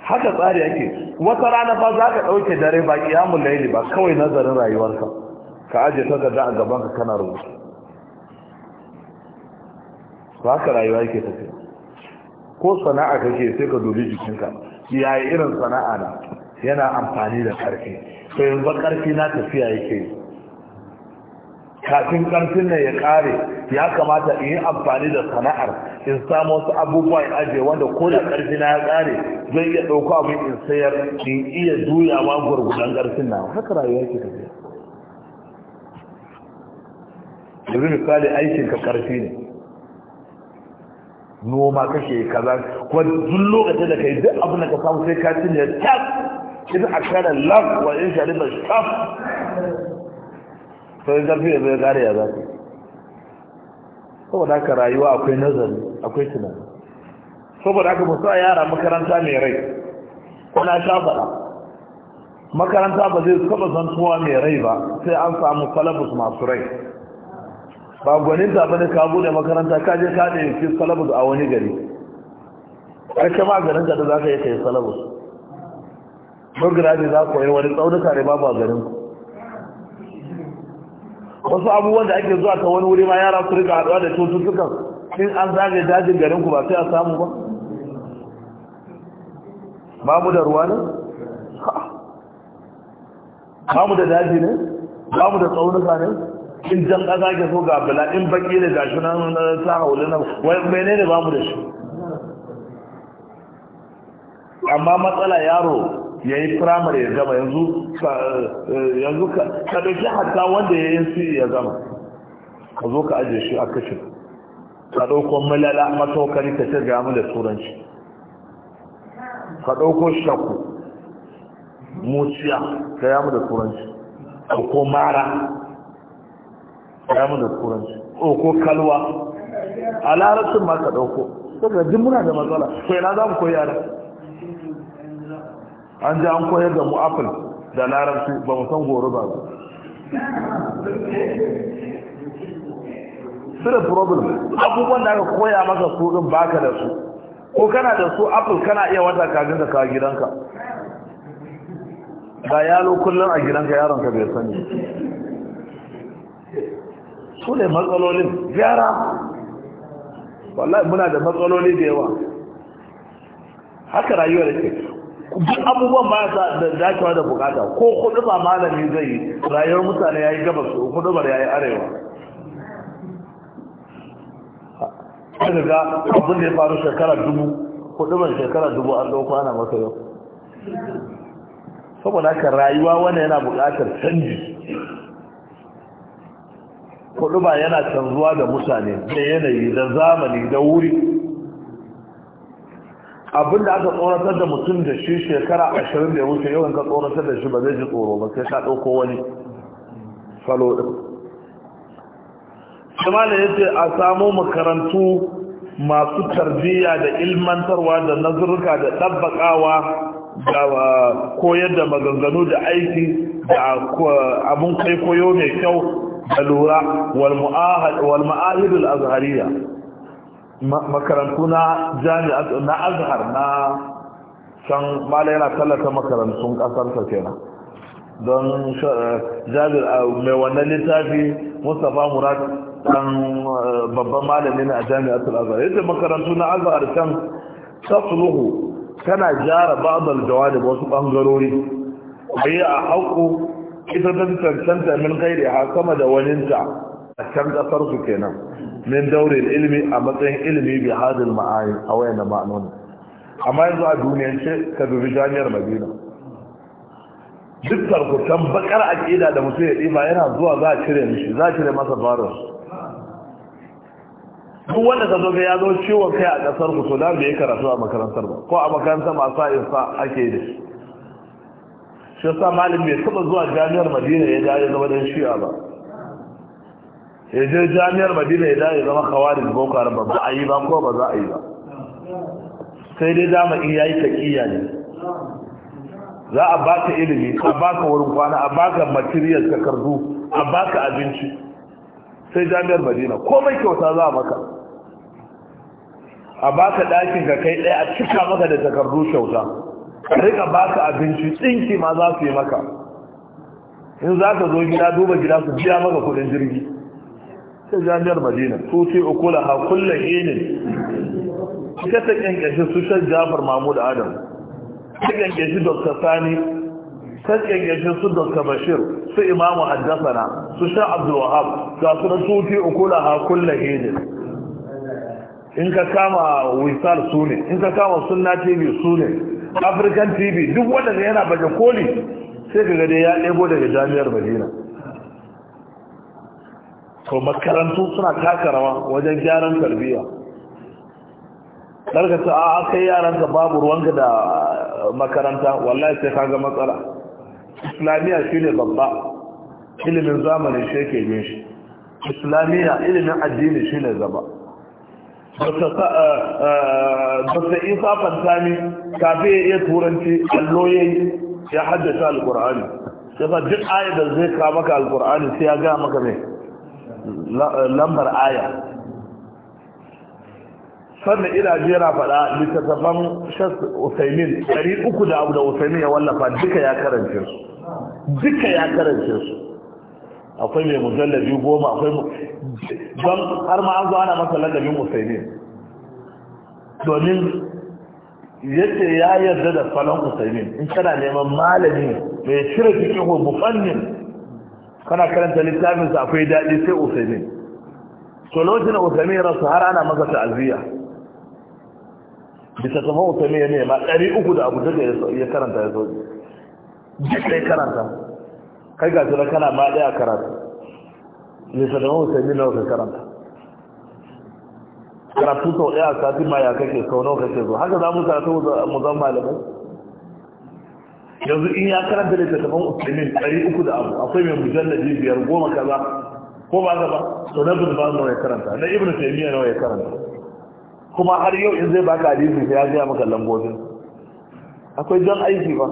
haka tsari yake wata rana ba za ka ɗauke dare ba kiyamun laili ba kawai nazarin rayuwarka ka aje gada a gaban ka kana rubutu ba ka rayuwa yake tafiya ko sana'a kake sai ka dubi jikinka yayi irin sana'a na yana amfani da karfi sai yanzu karfi na tafiya yake yi kafin karfin nan ya ƙare, ya kamata in yi amfani da sana'ar in samu wasu abubuwa in aje wanda ko da karfi na ya kare zai iya ɗauko abin in sayar in iya juya juyawa gurgudan karfin na haka rayuwa ke tafiya yanzu misali aikin ka karfi ne noma kake kaza ko duk lokacin da kai duk abin da ka samu sai ka cinye tas idan akara lab wa in shariba shaf sai zarfi ya zai ƙare ya za su saboda haka rayuwa akwai nazari akwai tunani saboda haka musu a yara makaranta mai rai kuna sha faɗa makaranta ba zai zan zantuwa mai rai ba sai an samu salabus masu rai ba gwanin ta ne ka bude makaranta ka je ka ɗaya fi salabus a wani gari ƙarshe ma garin da za ka yi ka yi salabus burgirabi za ku yi wani tsaunuka ne babu a garin ku wasu abubuwan da ake zuwa ta wani wuri ma yara su rika haɗuwa da cututtukan in an zagaye dajin garin ku ba sai a samu ba ba mu da ruwa ne ba mu da daji ne ba mu da tsaunuka ne in jan ƙasa ke so ga bala in baki ne gashi nan ta hauli nan wai mene ne ba mu da shi amma matsala yaro ya yi firamare ya zama, yanzu eh, ka ɗauki hatta wanda ya yi ya zama, ka zo ka ajiye shi a kashin ka ɗauko malala matokari ka ce gami da turanci ka ɗauko shakku muciya ka yamu da turanci ko mara ka yamu da turanci ko kalwa a larabcin ma ka ɗauko saboda jimuna muna da matsala sai na za mu koyi yara an ji an koyar da mu apple da larabci ba mu san goro ba su da problem abubuwan da aka koya maka su din baka da su ko kana da su apple kana iya wata kafin da ka gidanka ga yalo kullum a gidanka yaronka bai sani su ne matsalolin gyara wallahi muna da matsaloli da yawa haka rayuwar ke duk abubuwan ba da dacewa da bukata ko kudu ba malami zai yi rayuwar mutane ya yi gabas kudu ba ya yi arewa daga ga abin da ya faru shekara dubu kudu ba shekara dubu an dauko ana masa yau saboda haka rayuwa wanda yana bukatar canji kudu ba yana canzuwa da mutane da yanayi da zamani da wuri abin da aka tsoratar da mutum da shi shekara ashirin da ya wuce yawan ka tsoratar da shi ba zai ji tsoro ba sai ka ɗauko wani salo ɗin kuma da ya ce a samo makarantu masu tarbiyya da ilmantarwa da nazirka da ɗabbaƙawa da uh, koyar da maganganu da aiki da uh, abin kai koyo mai kyau da lura wal ma'ahidul azhariya makarantu na jami'a na azhar na can mala yana tallata makarantun kasarsa kenan don jabir mai wannan littafi mustapha murad dan eh, babban malami na jami'atul azhar yadda makarantu na azhar can tasluhu tana jara babal jawadi wasu bangarori ayi a haƙo ita ta cancanta min gairi ha sama da waninta a can kasar kenan min daure ilimi a matsayin ilimi bi hadin ma'ayin a wayan da ma'anoni amma yanzu a duniyance ka dubi jami'ar madina duk tarkutan bakar aƙida da mutum ya ma yana zuwa za a cire mishi za a cire masa virus duk wanda ka zoga ya zo ciwon kai a ƙasar ku to da bai karatu a makarantar ba ko a makarantar masu sa ake da shi shi sa malam bai taɓa zuwa jami'ar madina ya ja ya zama dan shi'a ba ya je jami'ar madina ya dawo zama kawarin boko haram ba a yi ba ko ba za a yi ba sai dai dama in yayi taqiya ne za a baka ilimi a baka wurin kwana a baka material takardu a baka abinci sai jami'ar madina komai kyauta za a maka a baka ɗakin ka kai ɗaya a cika maka da takardu kyauta a rika baka abinci tsinki ma za su yi maka in za ka zo gida duba gida su biya maka kudin jirgi ta jami'ar madina su ce ukula ha kullum inin ita ta kyankyashi su shan jafar mahmud adam ta kyankyashi dr sani ta kyankyashi su dr bashir su imamu haddasana su shan abdul wahab ga su na su ce ukula ha kullum inin in ka kama wisal su ne in ka kama sunna tv su ne african tv duk wanda yana baje koli sai ka gade ya ɗebo daga jami'ar madina to makarantu suna taka rawa wajen gyaran tarbiyya karka ta a kai yaranka babu ruwanka da makaranta wallahi sai kaga matsala islamiyya shine babba ilimin zamani shi yake yin shi islamiyya ilimin addini shine zaba eh, eh, Dokta isa Fantani kafin ya iya turanci allo ya haddasa alkur'ani sai duk ayyadar zai kawo maka alkur'ani sai ya gama maka mai Eh, lambar aya sannan ina jera fada faɗa littattafan shas usaimin ɗari uku da abu da usaimin ya wallafa duka ya karance su duka ya karance su akwai mai mujallabi goma akwai don har ma an zo ana masa lallabin usaimin domin yace ya yarda da falon usaimin in kana neman malami mai cire cikin hukumannin kana karanta littafinsa akwai daɗi sai usaimin to lokacin usaimin rasu har ana masa ta'aziyya bisa tafa usaimin ya nema ɗari uku da abu da ya karanta ya soji sai karanta kai ga tura kana ma ɗaya karatu bisa tafa usaimin na wasu karanta karatu sau ɗaya sati ma ya kake sau nawa kake zo haka za mu karatu mu zan malamai yanzu in ya karanta littattafan usulmin ɗari uku da abu akwai mai mujallabi biyar goma kaza ko ba gaba to na bin ba nawa ya karanta na ibn taymiya nawa ya karanta kuma har yau in zai baka hadisi sai ya gaya maka lambobin akwai jan aiki ba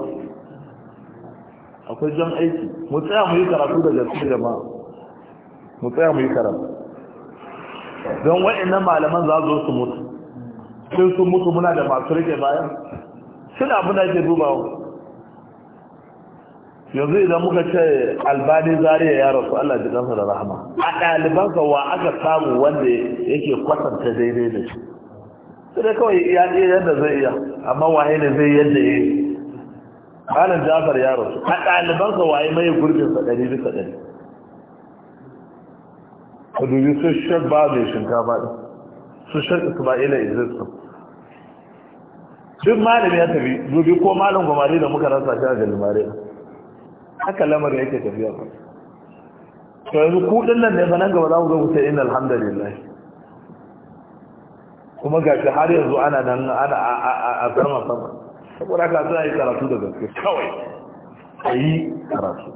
akwai jan aiki mu tsaya mu yi karatu da gaske jama'a mu tsaya mu yi karatu don waɗannan malaman za zo su mutu sun sun mutu muna da masu rike bayan suna abin da dubawa yanzu idan muka ce albani zariya ya rasu Allah ji kansa da rahama a ɗalibansa wa aka samu wanda yake kwatanta daidai da shi sai dai kawai ya iya yadda zai iya amma waye ne zai yadda ya yi ƙanan jafar ya rasu a ɗalibansa waye mai sa ɗari bisa ɗari ka dubi su shan ba mai shinkafa ɗin su shan isma'ila idrisu duk malami ya tafi dubi ko malam gwamari da muka rasa shi a galimare haka lamar yake tafiya ba to yanzu ku dinnan ne sanan gaba za ku zo ku sai innal alhamdulillah kuma ga shi har yanzu ana nan ana a sama sama saboda ka sai yi karatu da gaske kawai a yi karatu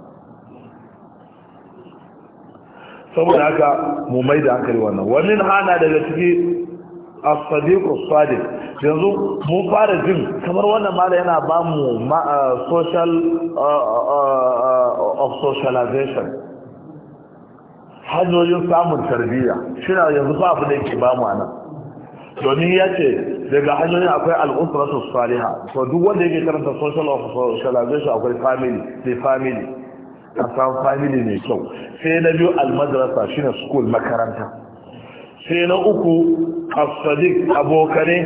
saboda haka mu mai da hankali wannan wannan hana daga cikin as-sadiq as-sadiq yanzu mun fara jin kamar wannan mala yana ba mu uh, social uh, uh, of socialization hanyoyin samun tarbiyya shi na yanzu ba abu da yake ba mu anan domin ya ce daga hanyoyin akwai su saliha. to duk wanda yake karanta social of socialization akwai family the family a family mai kyau sai na biyu almadrasa shine school makaranta sai na uku asadik sadiq abokane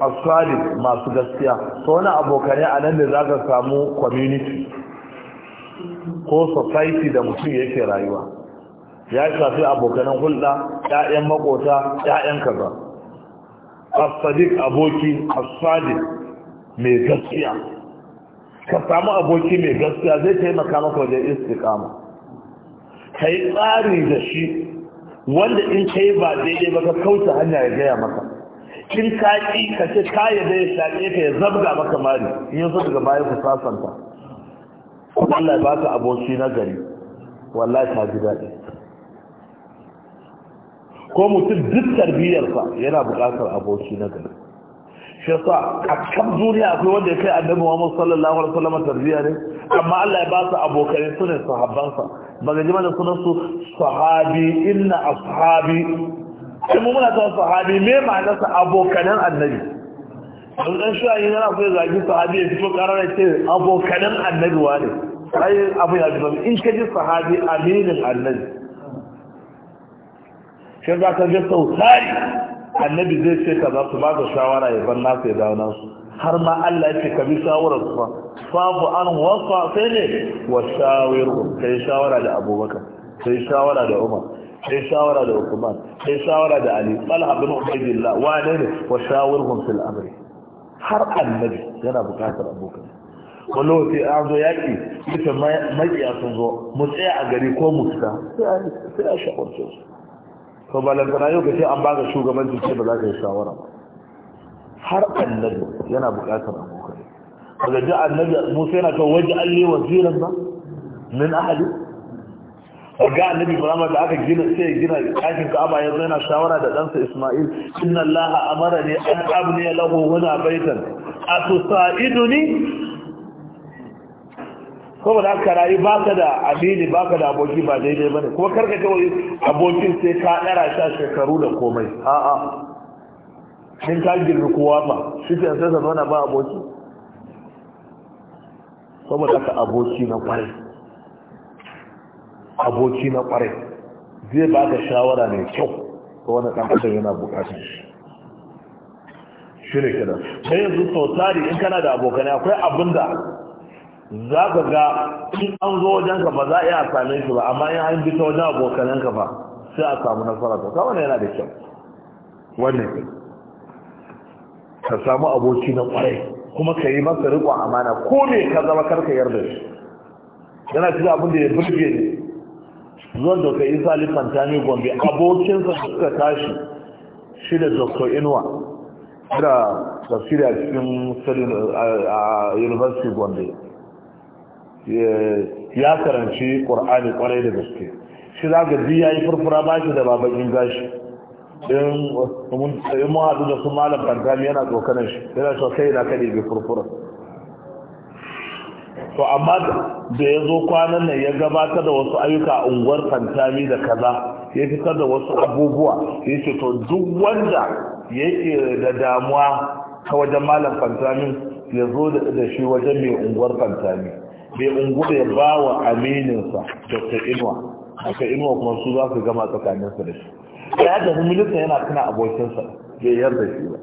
asali masu gaskiya to wani abokanai a nan da za ka samu community ko society da mutum yake rayuwa ya shafi abokanen hulɗa 'ya'yan makota 'ya'yan kaza ba aboki asali mai gaskiya ka samu aboki mai gaskiya zai taimaka maka wajen istiqama kai tsari da shi wanda in kai ba daidai ba ka kauta hanya ya gaya maka in ka ki ka ce ka yadda ya shaƙe ka ya zabga maka mari in yanzu daga baya ku sasanta Allah ba ka aboki na gari wallahi ta ji daɗi ko mutum duk tarbiyyarsa yana buƙatar aboki na gari shi yasa a kan duniya akwai wanda ya kai annabi Muhammad sallallahu alaihi wasallam tarbiyya ne amma Allah ya ba su abokai su ne sahabbansa ba ga jima da sunan su sahabi inna ashabi mu muna son sahabi me ma'anarsa abokanan annabi don dan shi ayi yana so zagi sahabi ya fito karara ce abokanan annabi wane ai abu ya zuba in ka ji sahabi aminin annabi shi za ka ga sautari annabi zai ce ka za su ba da shawara ya ban nasu ya dawo nasu har ma Allah ya ce ka bi shawarar su babu an wasa sai ne wa shawiru kai shawara da abubakar sai shawara da umar sai shawara da Uthman sai shawara da Ali Talha bin Ubaydillah wane ne wa shawirhum fil amri har annabi yana bukatar abokan wani lokaci an zo yaƙi ita maƙiya sun zo mu tsaya a gari ko mu fita sai a shawarce su to balantana yau ka ce an baka shugabanci ce ba za ka yi shawara ba har annabi yana bukatar abokan daga ji annabi musa yana ta waje alli waziran ba min ahadi ga annabi Muhammad da aka gina sai gina ɗakin Ka'aba yanzu yana shawara da ɗansa Isma'il inna Allah amara ne an abni lahu wala baitan atusa'iduni kuma da aka rayu baka da amini baka da aboki ba daidai bane kuma karka kawai abokin sai ka ɗara sha shekaru da komai a'a in ka girbi kowa ba shi ke sai ka zauna ba aboki saboda ka aboki na kwarai aboki na kwarai zai ba da shawara mai kyau ga wani ɗan ƙasar yana buƙatar shi ne kenan sai yanzu sau tari in kana da abokan akwai abin da za ka ga in an zo wajen ka ba za a iya same shi ba amma in an bi ta wajen abokan ka ba sai a samu nasara ta kawai yana da kyau wannan ke ka samu aboki na kwarai kuma ka yi masa riƙon amana ko ne ka zama karka yarda shi yana cikin abin da ya burge ne zuwan dr isa Fantani gombe abokinsa suka tashi shi da dr inuwa da tafsiri a cikin university gombe ya karanci ƙwar'ani ƙwarai da gaske shi za ga ya yi furfura ba shi da babakin gashi in mun haɗu da su malam Fantani yana tsokanar shi yana shi kai na kaɗe bi furfura to amma da ya zo kwanan nan ya gabatar da wasu ayyuka a unguwar fantami da kaza ya fitar da wasu abubuwa ya ce to duk wanda yake da damuwa ta wajen malam fantami ya zo da shi wajen mai unguwar fantami mai unguwar ya ba wa amininsa ta inuwa ka inuwa kuma su za su gama tsakaninsa da shi ya tafi minista yana tuna abokinsa bai yarda shi ba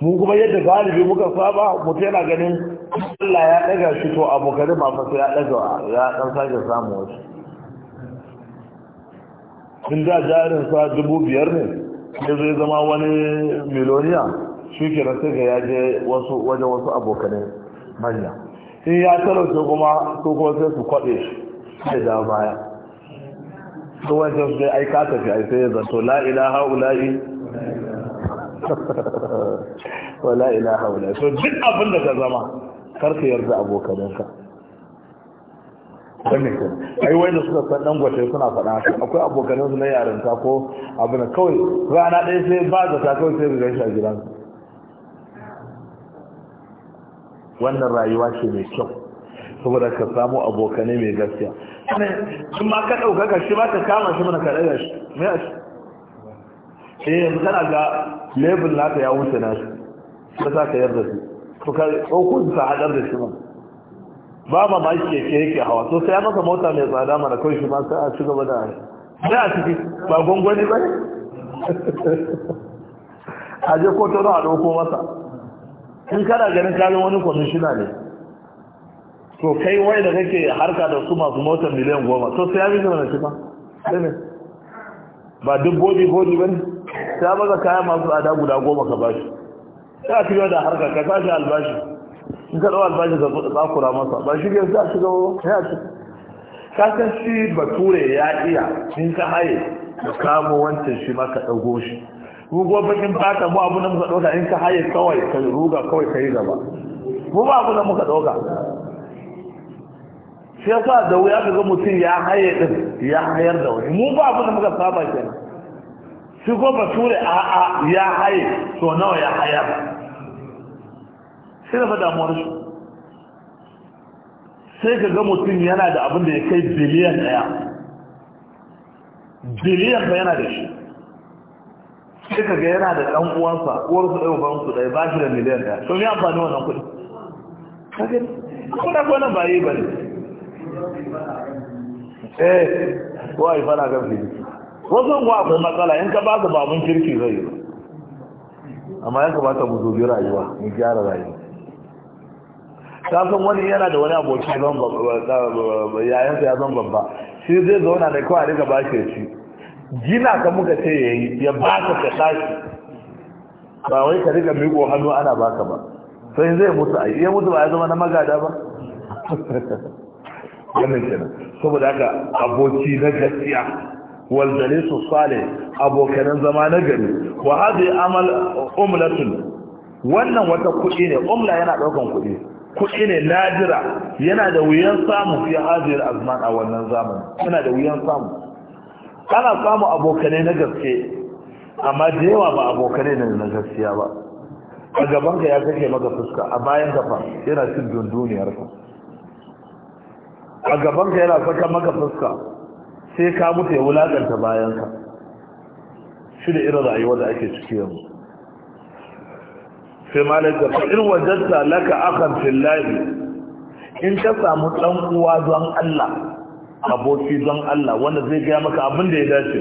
mu kuma yadda galibi muka saba mutu yana ganin Allah ya daga shi to abokan ba fa ya daga ya dan sake samu wasu in da jarin sa dubu biyar ne ya zai zama wani miloniya shi ke sai ga ya je wasu wajen wasu abokanai manya in ya talauce kuma ko kuma sai su kwaɗe shi sai da baya to wajen sai ai ka tafi ai sai ya to la ilaha ula'i (laughs) wala ilaha ula'i so duk abin da ka zama karka yarda abokananka wannan kan ai wai da suka san dangwata suna faɗa haka akwai su na yarinta ko abu na kawai rana ɗaya sai ba zata kawai sai rigar shi a gidansu wannan rayuwa ce mai kyau saboda ka samu abokanai mai gaskiya in ma ka ka shi ba ka kama shi mana ka ɗaga shi mai a shi eh yanzu kana ga lebul naka ya wuce na shi ta sa ka yarda su to ka tsokun sa hadar da shi ba. ba ma ma ke yake hawa to sai masa mota mai tsada mana kai shi ma sai a ci gaba da a ciki ba gongoni ba ne (laughs) a je ko tana a dauko masa in kana ganin kalin wani kwamishina ne to kai wai da kake harka da su masu motar miliyan goma to sai ya bi mana shi ba ne ba duk bodi bodi ba ne sai maza kayan masu tsada guda goma ka bashi ta fi da harka ka sa shi albashi in ka ɗau albashi ka tsakura masa ba shi ke sa shiga ya ci ka san shi bature ya iya in ka haye da kamo wancan shi ma ka ɗago shi mu kuma bakin baka mu abu da muka ɗauka in ka haye kawai ka ruga kawai ka yi gaba mu ba abu da muka ɗauka shi yasa da wuya ka ga mutum ya haye din ya hayar da wani mu ba abu da muka saba kenan shi ko bature a'a ya haye to nawa ya hayar sai raba damuwar shi sai ka ga mutum yana da abin da ya kai biliyan daya biliyan ka yana da shi sai ka ga yana da ɗan uwansa uwarsa ɗaya ubansu ɗaya ba shi da miliyan daya to ne amfani wannan kuɗi kagin kuna ba yi ba ne eh kowa yi fara kan fili wasu kuwa akwai matsala in ka ba su babun kirki zai yi amma ya kamata mu zobi rayuwa mu gyara rayuwa kafin wani yana da wani aboki yayansa ya zan babba shi zai zauna da kawai daga ba shi shi gina ka muka ce ya yi ya ba ka ka tashi ba wai ka riga miko hannu ana baka ba sai zai mutu a iya mutu ba ya zama na magada ba (laughs) wannan kenan saboda haka aboki na gaskiya wal jalisu salih abokanan zama na gari wa hadhi amal umlatun wannan wata kuɗi ne umla yana ɗaukan kuɗi kuɗi ne nadira yana da wuyan samu fi hajiyar azman a wannan zamani yana da wuyan samu ana samu abokane na gaske amma da yawa ba abokane ne na gaskiya ba a gaban ka ya kake maka fuska a bayan ka yana cin dunduniyar ka a gaban ka yana saka maka fuska sai ka mutu ya wulaƙanta bayan ka shi da irin rayuwa da ake ciki yanzu sai malaka fa in wajadta laka akan fillahi in ka samu dan uwa don Allah aboki don Allah wanda zai gaya maka abin da ya dace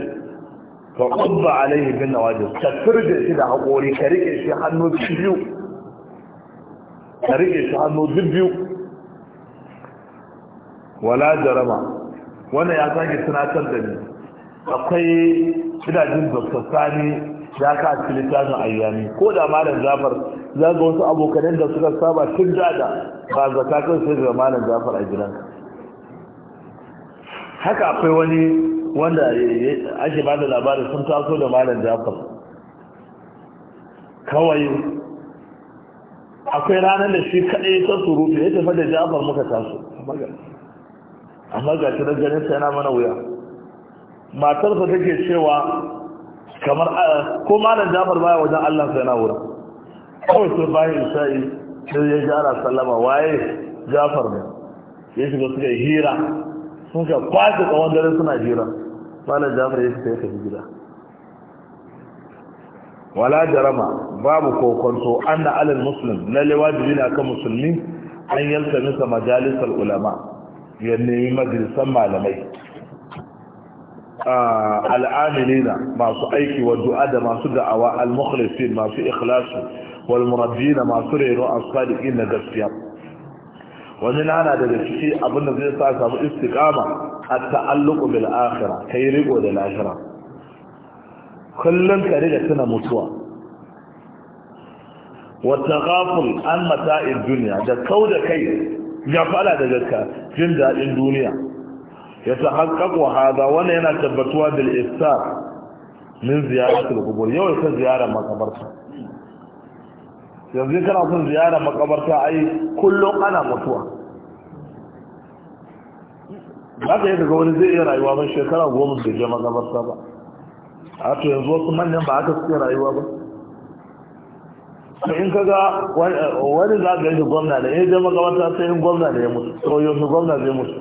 fa qubba alaihi bin nawajis ka turge shi da haƙori ka riƙe shi hannu biyu ka riƙe shi hannu biyu wala jarama wannan ya sake tunatar da ni akwai gidajen zafi sani ya ka ci littafin ayyami ko da malam zafar za ga wasu abokanen da suka saba tun dada ba zaka kan sai da malam jafar a ka. haka akwai wani wanda ake bada labarin sun taso da malam jafar kawai akwai ranar da shi kaɗai ta surutu ya tafi da jafar muka taso amma ga shi ganin sa yana mana wuya matarsa take cewa kamar ah, ko malam jafar baya wajen allah sa yana wurin kawai sai bayan isa'i sai ya ji ana sallama waye jafar ne ya shiga suka hira sun ka kwace tsawon dare suna hira malam jafar ya shiga ya tafi gida wala jarama babu kokonto anna alal muslim na lewaji ne akan musulmi an yalta nisa majalisar ulama ya nemi majalisan malamai ah, al'amilina masu aiki wa du'a da masu da'awa al-mukhlisin masu ikhlasu والمرجين مع سرير الصالحين نجسيا ومن أنا دلتشي أبن نزيل صاحب أبو استقامة التعلق بالآخرة كي كيرقوا للآخرة كلن سنة متوى والتغافل عن متاع الدنيا ده كودة كي يفعل دلتك جندا الدنيا يتحقق هذا ونينا تبتوى بالإفتار من زيارة القبول يوم يكون زيارة ما تبرتها yanzu kana sun ziyara makabarta ai kullum ana mutuwa za ka yi daga wani zai iya rayuwa ba shekara goma da je makabarta ba a to yanzu wasu manyan ba aka suke rayuwa ba in kaga wani za ka yi gwamna da ya je makabarta sai in gwamna da ya mutu to yanzu gwamna zai mutu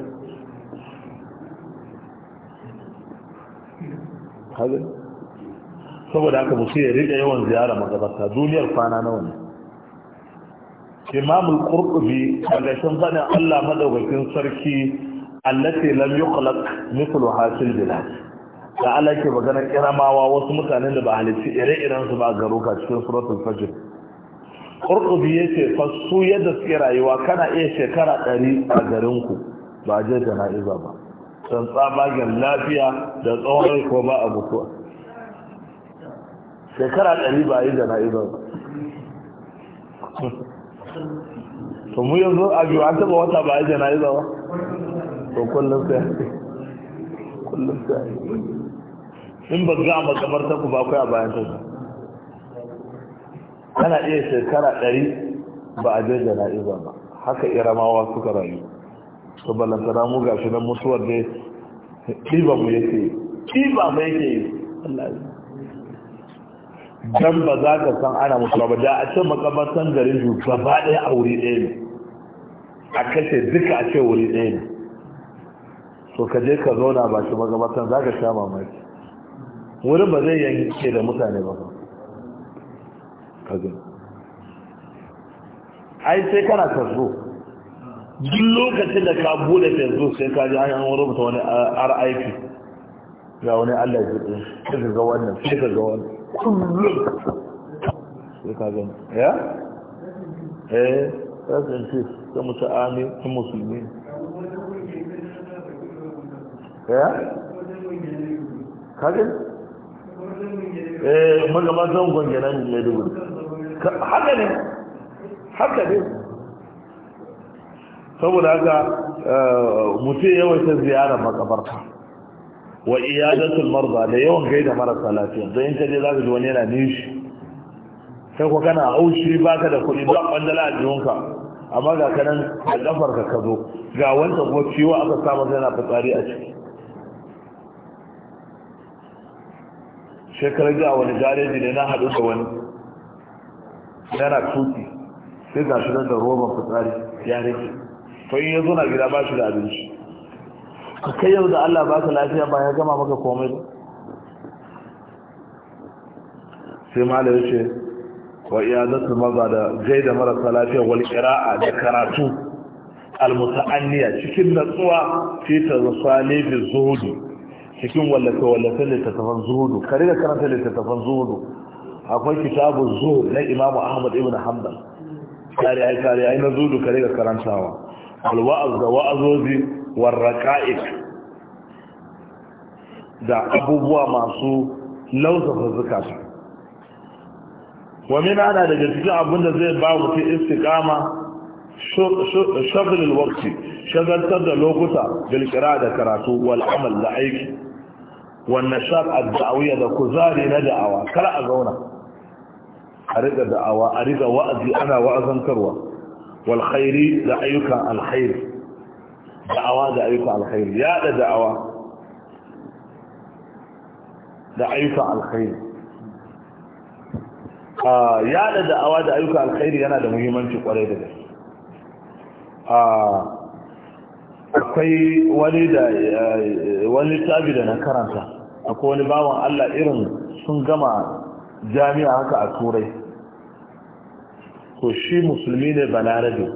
saboda haka musu ya riƙa yawan ziyara makabarta duniyar kwana nawa ne imamul qurtubi daga shin fadin Allah madaukakin sarki allati lam yukhlaq mithlu hasil bilad da Allah ke magana kiramawa wasu mutanen da ba halitta ire-iren su ba garuka cikin suratul fajr qurtubi yace fa su yadda suke rayuwa kana iya shekara ɗari a garin ku ba je jana'iza ba san tsabagen lafiya da tsawon ko ba a mutuwa shekara ɗari ba yi jana'iza ba to mu yanzu a biyu an taba wata ba a jana'iza ba to kullum sai kullum sai in ba ga makamarta ku ba kuwa a bayan ta kana iya shekara ɗari ba a je jana'iza ba haka iramawa suka rayu to balantana mu gashi nan mutuwar dai ɗiba mu yake yi ɗiba mu yake yi Allah dan ba za ka san ana musu ba da a ce makabartan garin su gaba ɗaya a wuri ɗaya ne a kashe duka a ce wuri ɗaya ne so ka je ka zauna ba shi makabartan za ka sha mamaki wurin ba zai yanke da mutane ba ka gani ai sai kana tasbo duk lokacin da ka bude zo sai ka ji an yi rubuta wani RIP ga wani Allah ya ji ɗin ka ga wannan ka ga wannan kullum ya? eh president chief ta mutu ami ta musulmi ya? kagin? eh magabatan gwangyanan maiduguri haka ne haka ne saboda haka eh, mutu yawaita ziyarar makabarta wa iyadatul Marza da yawan gaida marasa lafiya don in kaje za ka ji wani yana nishi sai ko kana aushi baka da kuɗi ba bandala la jihunka amma ga kanan da kafar ka ka zo ga wanda kuma ciwo aka samu sai na fitsari a ciki shekarar jiya wani gareji ne na haɗu da wani yana tuki sai ga shi da roban fitsari ya rage fa in ya zo na gida ba shi da abinci kai yau da Allah baka lafiya ba ya gama maka komai ba sai malam ya ce wa iyadatul maza da da marasa lafiya wal qira'a da karatu al muta'anniya cikin natsuwa fi tazsali fi zuhudu cikin wallafe wallafe littattafan zuhudu kare da karanta littattafan zuhudu akwai kitabu zuhud na imamu ahmad ibn hanbal kare ai kare ai na zuhudu kare da karantawa al wa'az da wa'azozi والركائك أبو أبوبوا معصو لوصف الزكاة ومن أنا لجلتك أبونا زي باب في استقامة شغل الوقت شغل تبدأ لوقتا بالكراءة كراتو والعمل لعيك والنشاط الدعوية ذا كزاري ندعوة كراءة أغونا أريد دعوة أريد وأزي أنا وأزن كروة والخيري لعيك الخير da'awa da ayyuka alkhairi da da'awa da ayyuka alkhairi ya da da'awa da ayyuka alkhairi yana da muhimmanci kwarai da gaske akwai wani da eh, wani tabi da na karanta akwai wani bawan Allah irin sun gama jami'a haka a turai Ko shi musulmi ne balarabe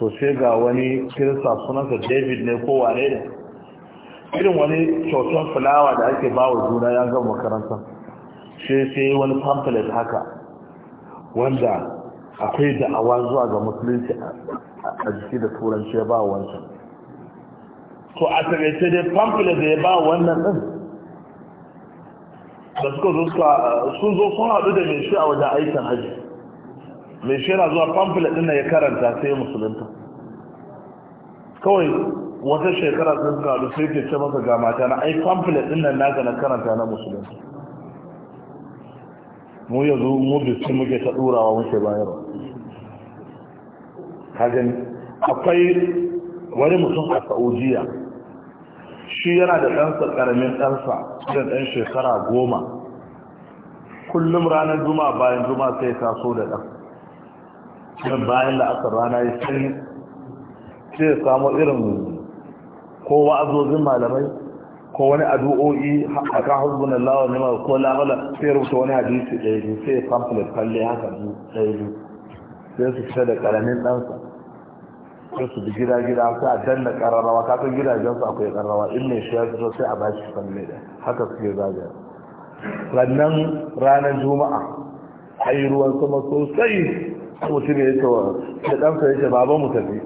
to sai ga wani kirista sunansa david ne ko wane ne irin wani kyautar fulawa da ake bawa juna ya gama makaranta sai sai wani pamphlet haka wanda akwai da'awa zuwa ga musulunci a jiki da turanci ya ba wancan to a taƙaice dai pamphlet da ya ba wannan din da suka zo sun zo sun haɗu da mai shi a wajen aikin hajji mai shera zuwa pamphlet ɗin ya karanta sai musulunta kawai wata shekara sun suka sai ke ce masa ga mata na ai pamphlet ɗin nan naka na karanta na musulunta mu yanzu mu bisu muke ta ɗurawa muke bayarwa kajin akwai wani mutum a saudiya shi yana da ɗansa ƙaramin ɗansa ɗan ɗan shekara goma kullum ranar juma bayan juma sai taso da ɗan irin bayan la'asar rana ya sanyi sai ya samu irin ko wa'azozin malamai ko wani addu'o'i a kan hasbun Allah wani mai ko la'ala sai rubuta wani hadisi ɗaya ne sai ya pamphlet kalle haka ne ɗaya ne sai su fita da ƙaramin ɗansa sai su bi gida gida sai a danna ƙararrawa ka san gidajensu akwai ƙararrawa in mai shi ya fito sai a bashi kalle da haka suke zagaya sannan ranar juma'a a yi ruwan sama sosai mutum ya ce wa da ɗansa ya ce baba mu tafi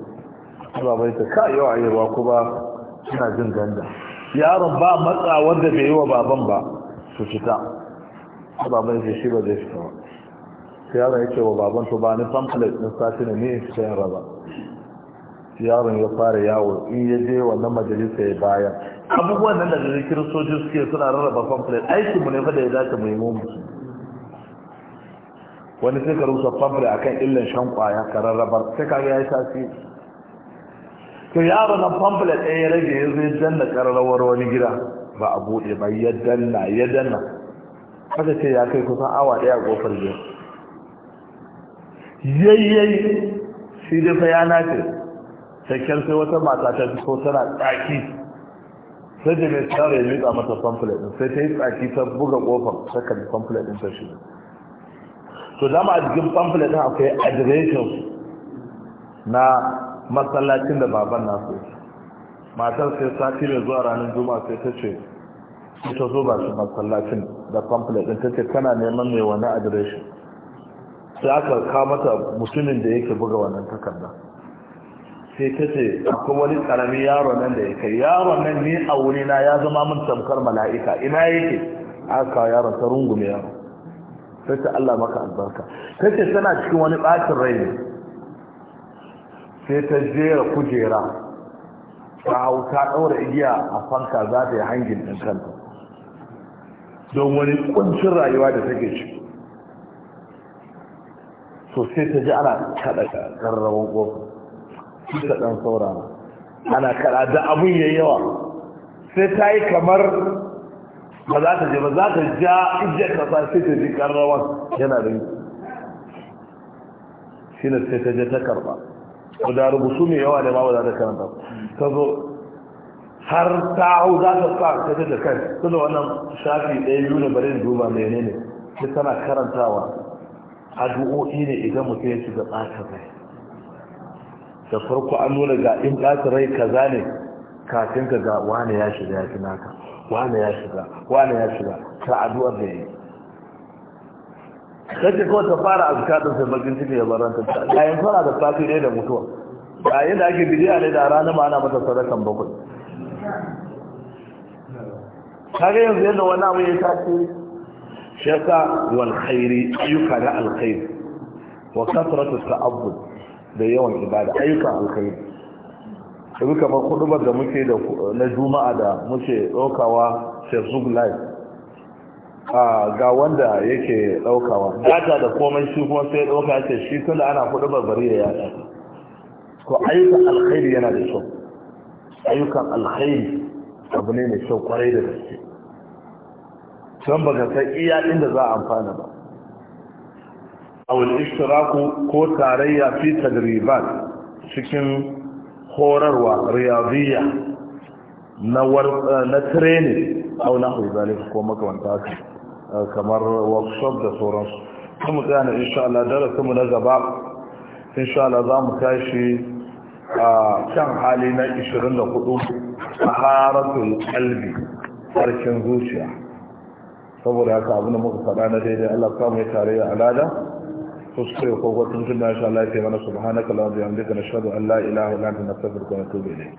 baba ya ce ka yau a yarwa kuma suna jin ganda yaron ba matsa wanda bai yi wa baban ba su fita baba ya shi ba zai fita ba sai yaron ya ce wa baban to ba ni pamphlet ɗin sati ne ni in fita yara ba yaron ya fara yawo in ya je wannan majalisa ya baya abubuwan nan da jirgin kiristoci suke suna rarraba pamphlet aikinmu ne fa da ya dace mu yi mu musu wani sai ka rusa fabri a kan illan shan kwaya ka rarrabar sai ka ya yi tasiri to yaro na pamphlet ɗaya ya rage ya zai danna kararrawar wani gida ba a buɗe ba ya danna ya danna haka ce ya kai kusan awa ɗaya a ƙofar biyar yayyayi shi dai fa ya nace sakyar sai wata mata ta fito tana tsaki sai da mai tsara ya mita mata pamphlet ɗin sai ta yi tsaki ta buga ƙofar ta kalli pamphlet ɗin ta shiga to zama a jikin pamphlet ɗin akwai adireshin na masallacin da baban nasu matar sai sati mai zuwa ranar juma'a sai ta ce ta zo ba su masallacin da pamphlet din ta ce kana neman mai wani adireshin sai aka kawo mutumin da yake buga wannan takarda sai ta ce akwai wani karami yaro nan da yake yaron nan ne a wurina ya zama min tamkar mala'ika ina yake aka kawo yaron ta rungume yaro ta Allah maka albarka ta ce tana cikin wani ɓacin rai ne sai ta jera kujera ta hau ta ɗaura igiya a fanka za ta yi hangin ɗin kanta don wani ƙuncin rayuwa da take ci. so sai ta ji ana kaɗa ƙarrawar ƙofa su ta ɗan saurara ana kaɗa da abin yayi yawa sai ta yi kamar ba za ta je ba za ta ja ijiyar kasa sai ta ji karrawan yana da shi ne sai ta je ta karba ko da rubutu mai yawa ne ma ba za ta karanta ta zo har ta hau za ta sa ta ce da kai da wannan shafi ɗaya biyu ne bari duba mai ne sai tana karantawa addu'o'i ne idan mutum ya shiga tsaka rai da farko an nuna ga in tsaka rai kaza ne kafin ka ga wane ya shiga ya fi naka wane ya shiga wane ya shiga ta addu'ar da yi sai ko ta fara azkadin sai bakin cikin ya baranta ta yin fara da safi ne da mutuwa ba yadda ake bidiya ne da rana ma ana mata sadakan bakwai ga yanzu yadda wani abu ya tashi shaka wal khairi ayyuka na alkhairi wa kasratu ta'abbud da yawan ibada ayyukan alkhairi yanzu kamar hudubar da muke da na juma'a da muke ɗaukawa facebook live ga wanda yake ɗaukawa data da komai shi kuma sai dauka ce shi tun da ana hudubar bari ya yata. ko ayyukan alkhairi yana da kyau ayyukan alkhairi abu ne mai kyau kwarai da gaske can ba ga san iya inda za a amfana ba a wani ishtiraku ko tarayya fi tadribat cikin horarwa riyadiyya na war eh, na training au na hizalik ko makamanta haka eh, kamar workshop da sauransu kuma tsaya insha Allah darasinmu na gaba insha Allah za mu tashi a kan hali na 24 taharatul qalbi sarkin zuciya saboda haka abin da muka faɗa na daidai Allah samu ya tare da alada kuskure ko gwatsun tun da shi Allah ya taimana subhanaka la ilaha illa anta nashhadu an la ilaha illa anta nastaghfiruka da natubu